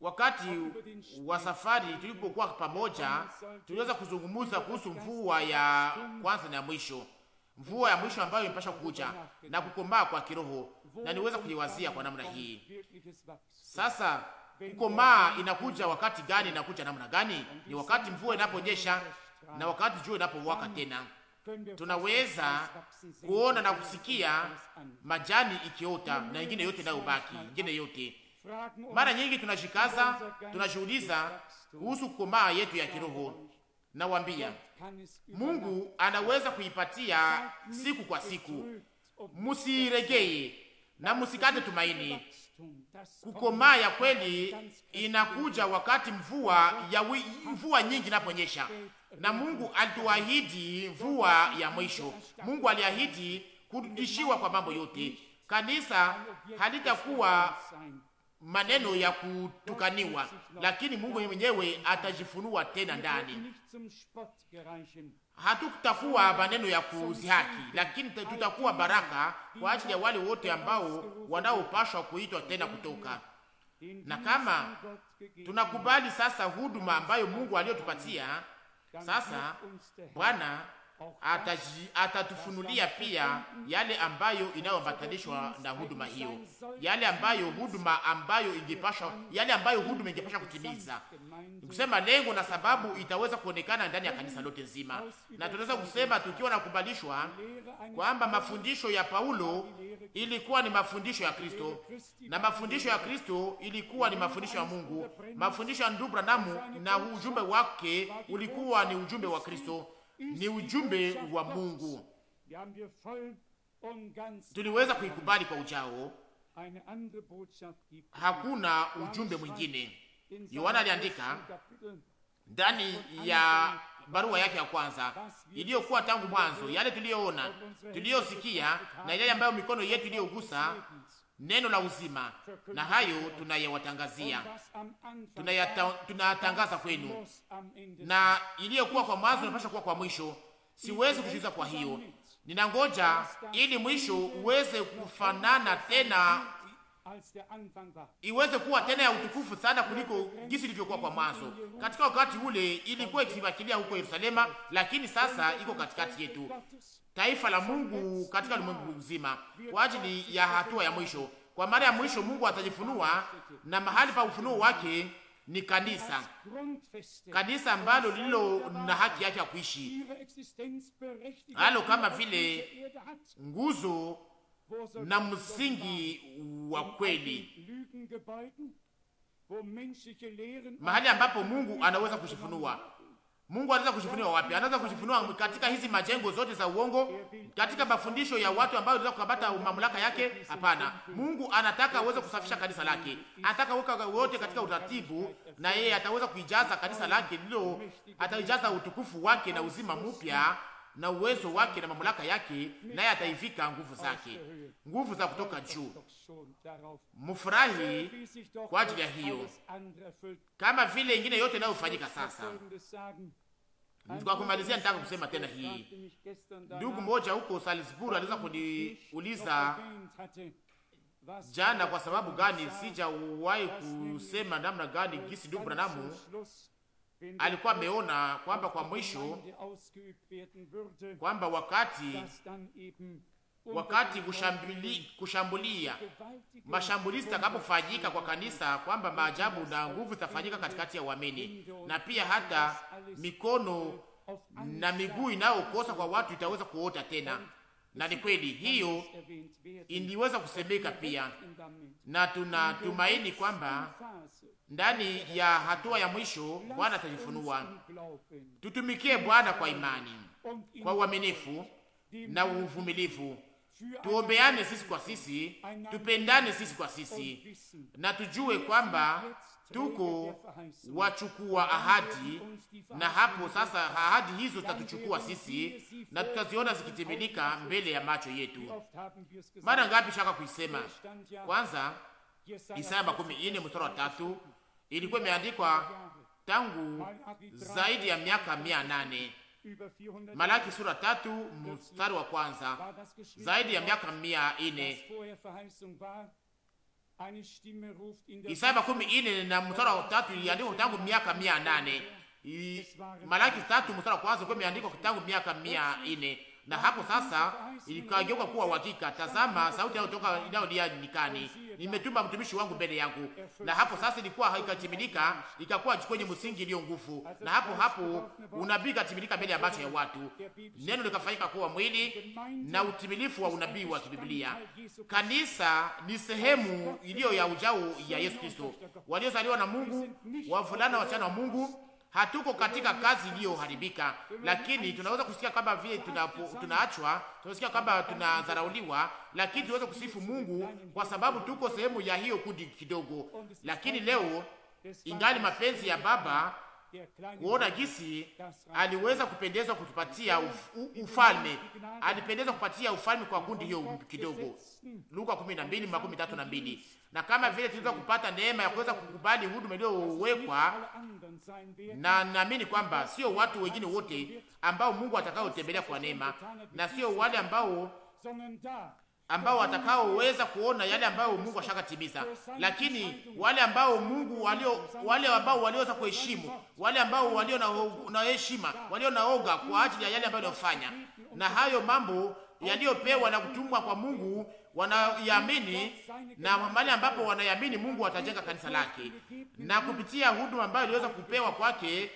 Wakati wa safari tulipokuwa pamoja, tuliweza kuzungumza kuhusu mvua ya kwanza na ya mwisho mvua ya mwisho ambayo imepasha kuja na kukomaa kwa kiroho, na niweza kujiwazia kwa namna hii. Sasa kukomaa inakuja wakati gani? Inakuja namna gani? Ni wakati mvua inaponyesha na wakati jua inapowaka tena tunaweza kuona na kusikia majani ikiota na ingine yote inayobaki, ingine yote. Mara nyingi tunashikaza, tunashuhudiza kuhusu kukomaa yetu ya kiroho. Nawambia Mungu anaweza kuipatia siku kwa siku. Musiregeye na musikate tumaini. Kukomaa ya kweli inakuja wakati mvua ya wi, mvua nyingi inaponyesha, na Mungu alituahidi mvua ya mwisho. Mungu aliahidi kurudishiwa kwa mambo yote. Kanisa halitakuwa maneno ya kutukaniwa, lakini Mungu mwenyewe atajifunua tena ndani. Hatutakuwa maneno ya kuzihaki, lakini tutakuwa baraka kwa ajili ya wale wote ambao wanaopashwa kuitwa tena kutoka. Na kama tunakubali sasa huduma ambayo Mungu aliyotupatia sasa, Bwana ataji, atatufunulia pia yale ambayo inayoambatanishwa na huduma hiyo, yale ambayo huduma ambayo ingepasha, yale ambayo huduma ingepasha kutimiza, kusema lengo na sababu itaweza kuonekana ndani ya kanisa lote nzima, na tunaweza kusema tukiwa nakubalishwa kwamba mafundisho ya Paulo ilikuwa ni mafundisho ya Kristo na mafundisho ya Kristo ilikuwa ni mafundisho ya Mungu. Mafundisho ya ndugu na ujumbe wake ulikuwa ni ujumbe wa Kristo ni ujumbe wa Mungu. Tuliweza kuikubali kwa ujao, hakuna ujumbe mwingine. Yohana aliandika ndani ya barua yake ya kwanza iliyokuwa tangu mwanzo, yale tuliyoona, tuliyosikia na yale ambayo mikono yetu iliyogusa neno la uzima, na hayo tunayawatangazia, tunayatangaza kwenu, na iliyokuwa kwa mwanzo inapasha kuwa kwa mwisho. Siwezi kushiriza, kwa hiyo ninangoja ili mwisho uweze kufanana tena, iweze kuwa tena ya utukufu sana kuliko jinsi ilivyokuwa kwa mwanzo. Katika wakati ule ilikuwa ikiwakilia huko Yerusalema, lakini sasa iko katikati yetu taifa la Mungu katika ulimwengu mzima kwa ajili ya hatua ya mwisho. Kwa mara ya mwisho Mungu atajifunua na mahali pa ufunuo wake ni kanisa, kanisa ambalo lililo na haki yake ya kuishi halo, kama vile nguzo na msingi wa kweli, mahali ambapo Mungu anaweza kujifunua Mungu anaweza kujifunua wapi? Anaweza kujifunua katika hizi majengo zote za uongo, katika mafundisho ya watu ambao wanaweza kupata mamlaka yake? Hapana. Mungu anataka aweze kusafisha kanisa lake, anataka weka wote katika utaratibu, na yeye ataweza kuijaza kanisa lake lilo, ataijaza utukufu wake na uzima mpya na uwezo wake na mamlaka yake, naye ya ataivika nguvu zake, nguvu za kutoka juu. Mfurahi kwa ajili ya hiyo, kama vile ingine yote inayofanyika sasa. Kwa kumalizia, nitaka kusema tena hii. Ndugu mmoja huko Salisbury aliweza kuniuliza jana, kwa sababu gani sijawahi kusema namna gani gisi ndugu Branamu alikuwa ameona kwamba kwa mwisho kwamba wakati wakati kushambulia mashambulizi takapofanyika kwa kanisa, kwamba maajabu na nguvu zitafanyika katikati ya uamini, na pia hata mikono na miguu inayokosa kwa watu itaweza kuota tena. Na ni kweli hiyo iliweza kusemeka pia, na tunatumaini kwamba ndani ya hatua ya mwisho Bwana atajifunua. Tutumikie Bwana kwa imani, kwa uaminifu na uvumilivu tuombeane sisi kwa sisi, tupendane sisi kwa sisi, na tujue kwamba tuko wachukua ahadi, na hapo sasa ahadi hizo tutatuchukua sisi na tutaziona zikitimilika mbele ya macho yetu. Mara ngapi shaka kuisema kwanza, Isaya makumi ine mstari wa tatu ilikuwa imeandikwa tangu zaidi ya miaka mia nane Malaki sura tatu mstari wa kwanza. Zaidi ya miaka mia ine Isaya makumi ine na mstari wa tatu iliandikwa tangu miaka mia nane. Malaki tatu mstari wa kwanza kwa imeandikwa tangu miaka mia ine na hapo sasa ikageuka kuwa uhakika. Tazama, sauti inayotoka inayolia nikani, nimetuma mtumishi wangu mbele yangu. Na hapo sasa ilikuwa ikatimilika, ikakuwa kwenye msingi iliyo nguvu, na hapo hapo unabii katimilika mbele ya macho ya watu, neno likafanyika kuwa mwili na utimilifu wa unabii wa kibiblia. Kanisa ni sehemu iliyo ya ujao ya Yesu Kristo, waliozaliwa na Mungu, wavulana wasichana wa Mungu hatuko katika kazi iliyoharibika, lakini tunaweza kusikia kama vile tunaachwa, tunasikia kama tunadharauliwa, lakini tunaweza kusifu Mungu kwa sababu tuko sehemu ya hiyo kundi kidogo. Lakini leo ingali mapenzi ya Baba kuona gisi aliweza kupendeza kutupatia uf, ufalme, alipendeza kupatia ufalme kwa kundi hiyo kidogo. Luka 12:32 na kama vile tunaweza kupata neema ya kuweza kukubali huduma iliyowekwa, na naamini kwamba sio watu wengine wote ambao Mungu atakaotembelea kwa neema, na sio wale ambao ambao watakaoweza kuona yale ambayo Mungu ashakatimiza, lakini wale ambao Mungu walio wale ambao walioweza kuheshimu, wale ambao walio na heshima, walio na oga kwa ajili ya yale ambayo wanafanya, na hayo mambo yaliyopewa na kutumwa kwa Mungu wanayamini na mahali ambapo wanayamini Mungu atajenga kanisa lake, na kupitia huduma ambayo iliweza kupewa kwake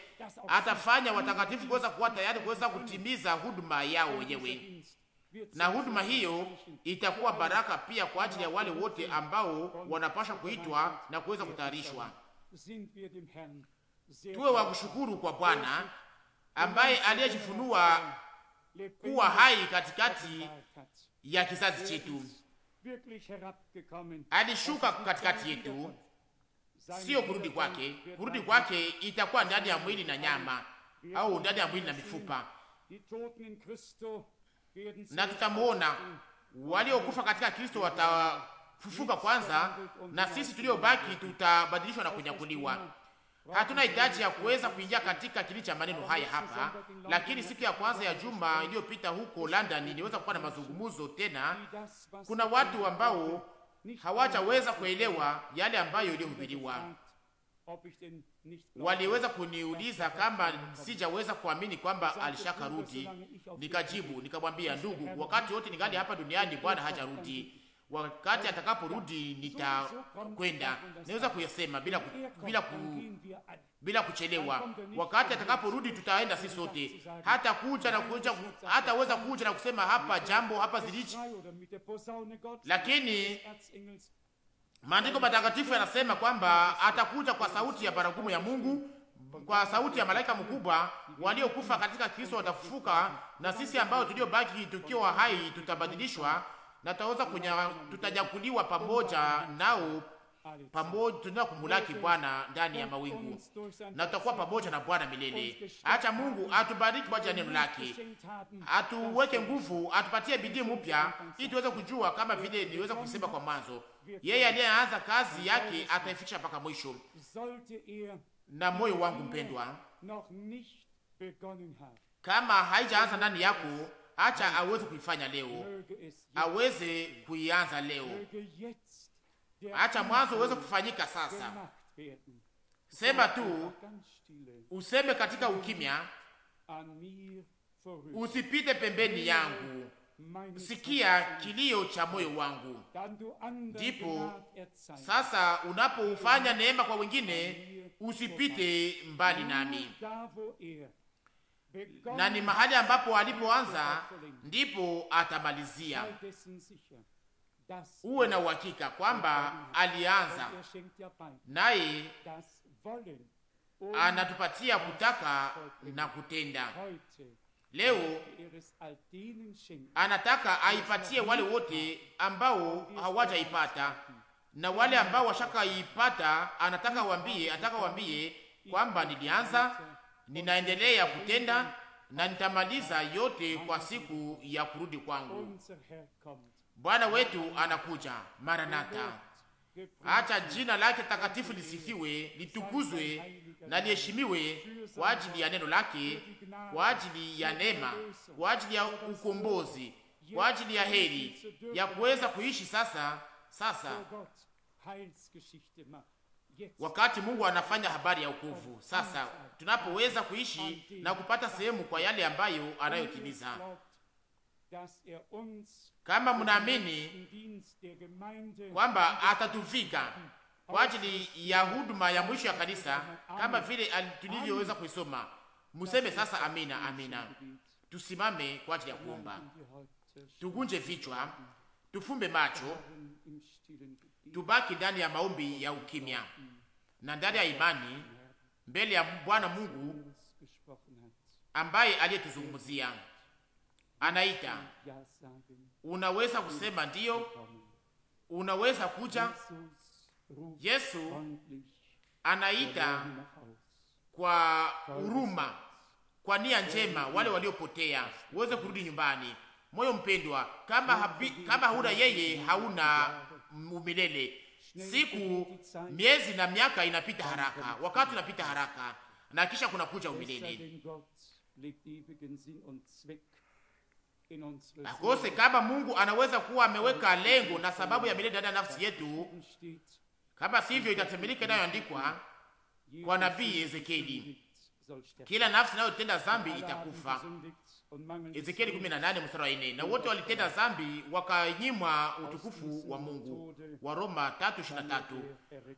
atafanya watakatifu kuweza kuwa tayari kuweza kutimiza huduma yao wenyewe, na huduma hiyo itakuwa baraka pia kwa ajili ya wale wote ambao wanapaswa kuitwa na kuweza kutayarishwa. Tuwe wa kushukuru kwa Bwana ambaye aliyejifunua kuwa hai katikati ya kizazi chetu alishuka katikati yetu, sio kurudi kwake. Kurudi kwake itakuwa ndani ya mwili na nyama, au ndani ya mwili na mifupa, na tutamuona. Waliokufa katika Kristo watafufuka kwanza, na sisi tuliobaki tutabadilishwa na kunyakuliwa. Hatuna hitaji ya kuweza kuingia katika kili cha maneno haya hapa, lakini siku ya kwanza ya juma iliyopita huko London niliweza kuwa na mazungumzo tena. Kuna watu ambao hawajaweza kuelewa yale ambayo iliyohubiriwa, waliweza kuniuliza kama sijaweza kuamini kwamba alishakarudi. Nikajibu nikamwambia, ndugu, wakati wote ningali hapa duniani Bwana hajarudi wakati atakaporudi nitakwenda. Naweza kuyasema bila, ku, bila, ku, bila kuchelewa. Wakati atakaporudi tutaenda sisi sote, hata kuja na kuja, weza kuja na kusema hapa jambo hapa zilichi, lakini maandiko matakatifu yanasema kwamba atakuja kwa sauti ya baragumu ya Mungu, kwa sauti ya malaika mkubwa. Waliokufa katika Kristo watafufuka, na sisi ambao tuliobaki tukiwa hai tutabadilishwa na tutaweza tutanyakuliwa pamoja nao pamoja tunao kumulaki Bwana ndani ya mawingu na tutakuwa pamoja na Bwana milele. Acha Mungu atubariki kwa neno lake, atuweke nguvu, atupatie bidii mpya, ili tuweze kujua kama vile niweza kusema kwa mwanzo, yeye aliyeanza kazi yake ataifikisha mpaka mwisho. Na moyo wangu mpendwa, kama haijaanza ndani yako acha aweze kuifanya leo, aweze kuianza leo, acha mwanzo uweze kufanyika sasa. Sema tu, useme katika ukimya, usipite pembeni yangu, sikia kilio cha moyo wangu. Ndipo sasa unapoufanya neema kwa wengine, usipite mbali nami na ni mahali ambapo alipoanza ndipo atamalizia. Uwe na uhakika kwamba alianza er naye, anatupatia kutaka na kutenda. Leo er anataka er aipatie wale wote ambao hawajaipata na wale ambao washakaipata, anataka wambie, anataka wambie kwamba nilianza ninaendelea kutenda na nitamaliza yote kwa siku ya kurudi kwangu. Bwana wetu anakuja, Maranatha. Acha jina lake takatifu lisifiwe, litukuzwe na liheshimiwe kwa ajili ya neno lake, kwa ajili ya neema, kwa ajili ya ukombozi, kwa ajili ya heri ya kuweza kuishi sasa sasa wakati Mungu anafanya habari ya wokovu. Sasa tunapoweza kuishi na kupata sehemu kwa yale ambayo anayotimiza. Kama mnaamini kwamba atatuvika kwa ajili ya huduma ya mwisho ya kanisa kama vile tulivyoweza kuisoma, museme sasa amina, amina. Tusimame kwa ajili ya kuomba, tugunje vichwa, tufumbe macho tubaki ndani ya maombi ya ukimya na ndani ya imani mbele ya Bwana Mungu ambaye aliyetuzungumzia anaita. Unaweza kusema ndiyo, unaweza kuja. Yesu anaita kwa huruma, kwa nia njema, wale waliopotea uweze kurudi nyumbani. Moyo mpendwa, kama habi, kama huna yeye hauna umilele. Siku, miezi na miaka inapita haraka, wakati unapita haraka, na kisha kuja umilele. Akose kama Mungu anaweza kuwa ameweka lengo na sababu ya milele ndani ya nafsi yetu, kama sivyo itatimilika inayoandikwa kwa nabii Ezekieli, kila nafsi inayotenda dhambi itakufa. Ezekieli 18 mstari wa 4, na wote walitenda zambi wakanyimwa utukufu wa Mungu, wa Roma 3:23.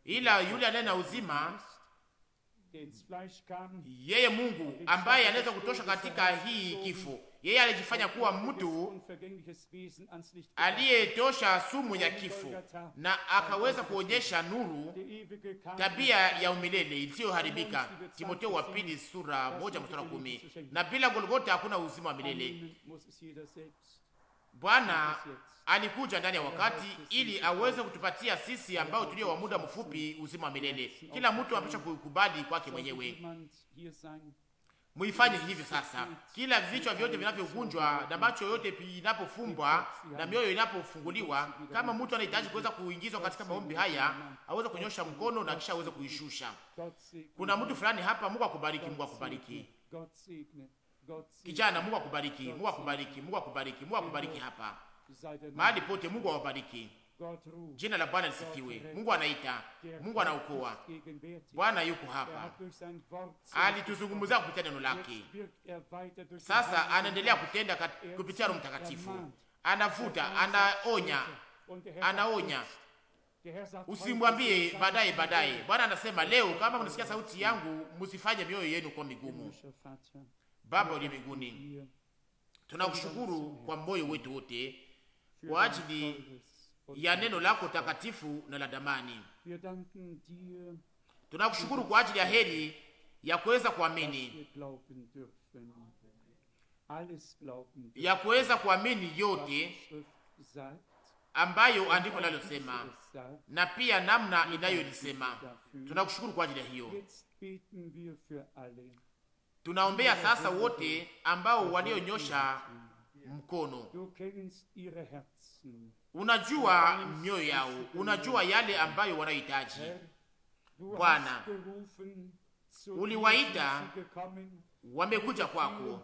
Ila yule anena na uzima yeye Mungu ambaye anaweza kutosha katika hii kifo yeye alijifanya kuwa mtu aliyetosha sumu ya kifo na akaweza kuonyesha nuru, tabia ya umilele isiyoharibika. Timotheo wa pili sura moja mstari kumi. Na bila Golgota hakuna uzima wa milele. Bwana alikuja ndani ya wakati ili aweze kutupatia sisi ambao tulio wa muda mfupi uzima wa milele. Kila mtu amesha kukubali kwake mwenyewe muifanye hivi sasa. Kila vichwa vyote vinavyovunjwa na macho yote inapofumbwa na mioyo inapofunguliwa, kama mtu anahitaji kuweza kuingizwa katika maombi haya, aweze kunyosha mkono na kisha aweze kuishusha. Kuna mtu fulani hapa. Mungu akubariki, Mungu akubariki kijana, Mungu akubariki, Mungu akubariki, Mungu akubariki, Mungu akubariki hapa mahali pote, Mungu awabariki. Jina la Bwana lisifiwe. Mungu anaita, Mungu anaokoa, Bwana yuko hapa. Alituzungumzia kupitia neno lake, sasa anaendelea kutenda kupitia Roho Mtakatifu. Anavuta, anaonya, anaonya. Usimwambie baadaye, baadaye. Bwana anasema leo, kama mnasikia sauti yangu, msifanye mioyo yenu kwa migumu. Baba uliye mbinguni, tunakushukuru kwa moyo wetu wote kwa ajili ya neno lako takatifu na la damani. Tunakushukuru kwa ajili ya heri ya kuweza kuamini ya kuweza kuamini yote ambayo andiko linalosema na pia namna inayolisema. Tunakushukuru kwa ajili ya hiyo. Tunaombea sasa wote ambao walionyosha mkono unajua mioyo yao, unajua yale ambayo wanahitaji. Bwana, uliwaita wamekuja kwako,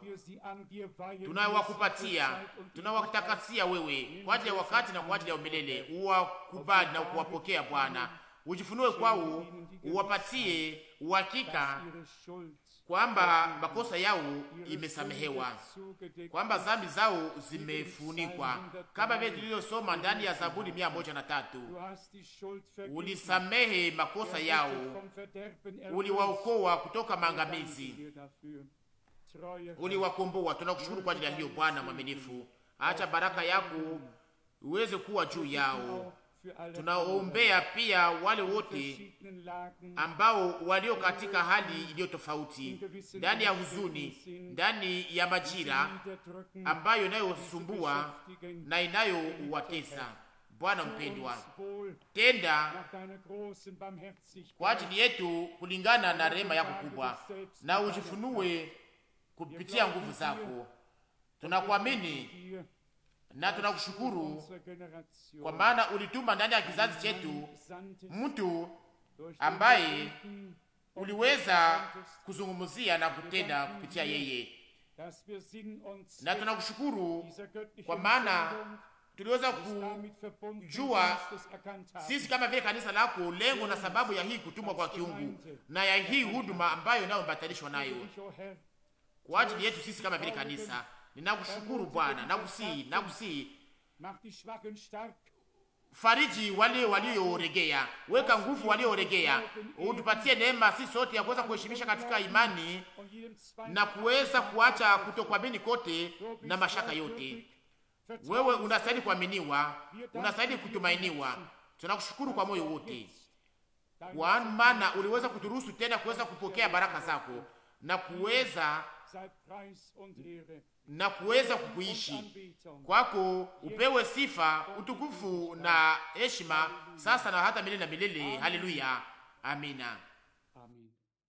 tunawakupatia tunawakutakasia wewe kwa ajili ya wakati na kwa ajili ya umelele. Uwakubali na kuwapokea Bwana, ujifunue kwao, uwapatie uhakika kwamba makosa yao imesamehewa, kwamba zambi zao zimefunikwa. Kama vile tuliyosoma ndani ya Zaburi mia moja na tatu, ulisamehe makosa yao, uliwaokoa kutoka maangamizi, uliwakomboa. Tunakushukuru kwa ajili ya hiyo, Bwana mwaminifu. Acha baraka yako iweze kuwa juu yao tunaombea pia wale wote ambao walio katika hali iliyo tofauti, ndani ya huzuni, ndani ya majira ambayo inayosumbua na inayowatesa. Bwana mpendwa, tenda kwa ajili yetu kulingana na rehema yako kubwa, na ujifunue kupitia nguvu zako, tunakuamini na tunakushukuru kwa maana ulituma ndani ya kizazi chetu mtu ambaye uliweza kuzungumzia na kutenda kupitia yeye, na tunakushukuru kwa maana tuliweza kujua sisi kama vile kanisa lako lengo na sababu ya hii kutumwa kwa kiungu na ya hii huduma ambayo inayoambatanishwa nayo kwa ajili yetu sisi kama vile kanisa Ninakushukuru Bwana, nakusii, nakusii, fariji wale walioregea, weka nguvu walioregea, utupatie neema sisi sote ya kuweza kuheshimisha katika imani na kuweza kuacha kutokuamini kote na mashaka yote. Wewe unastahili kuaminiwa, unastahili kutumainiwa. Tunakushukuru kwa moyo wote, kwa maana uliweza kuturuhusu tena kuweza kupokea baraka zako na kuweza na kuweza kukuishi kwako. Upewe sifa, utukufu na heshima sasa na hata milele na milele. Haleluya, amina.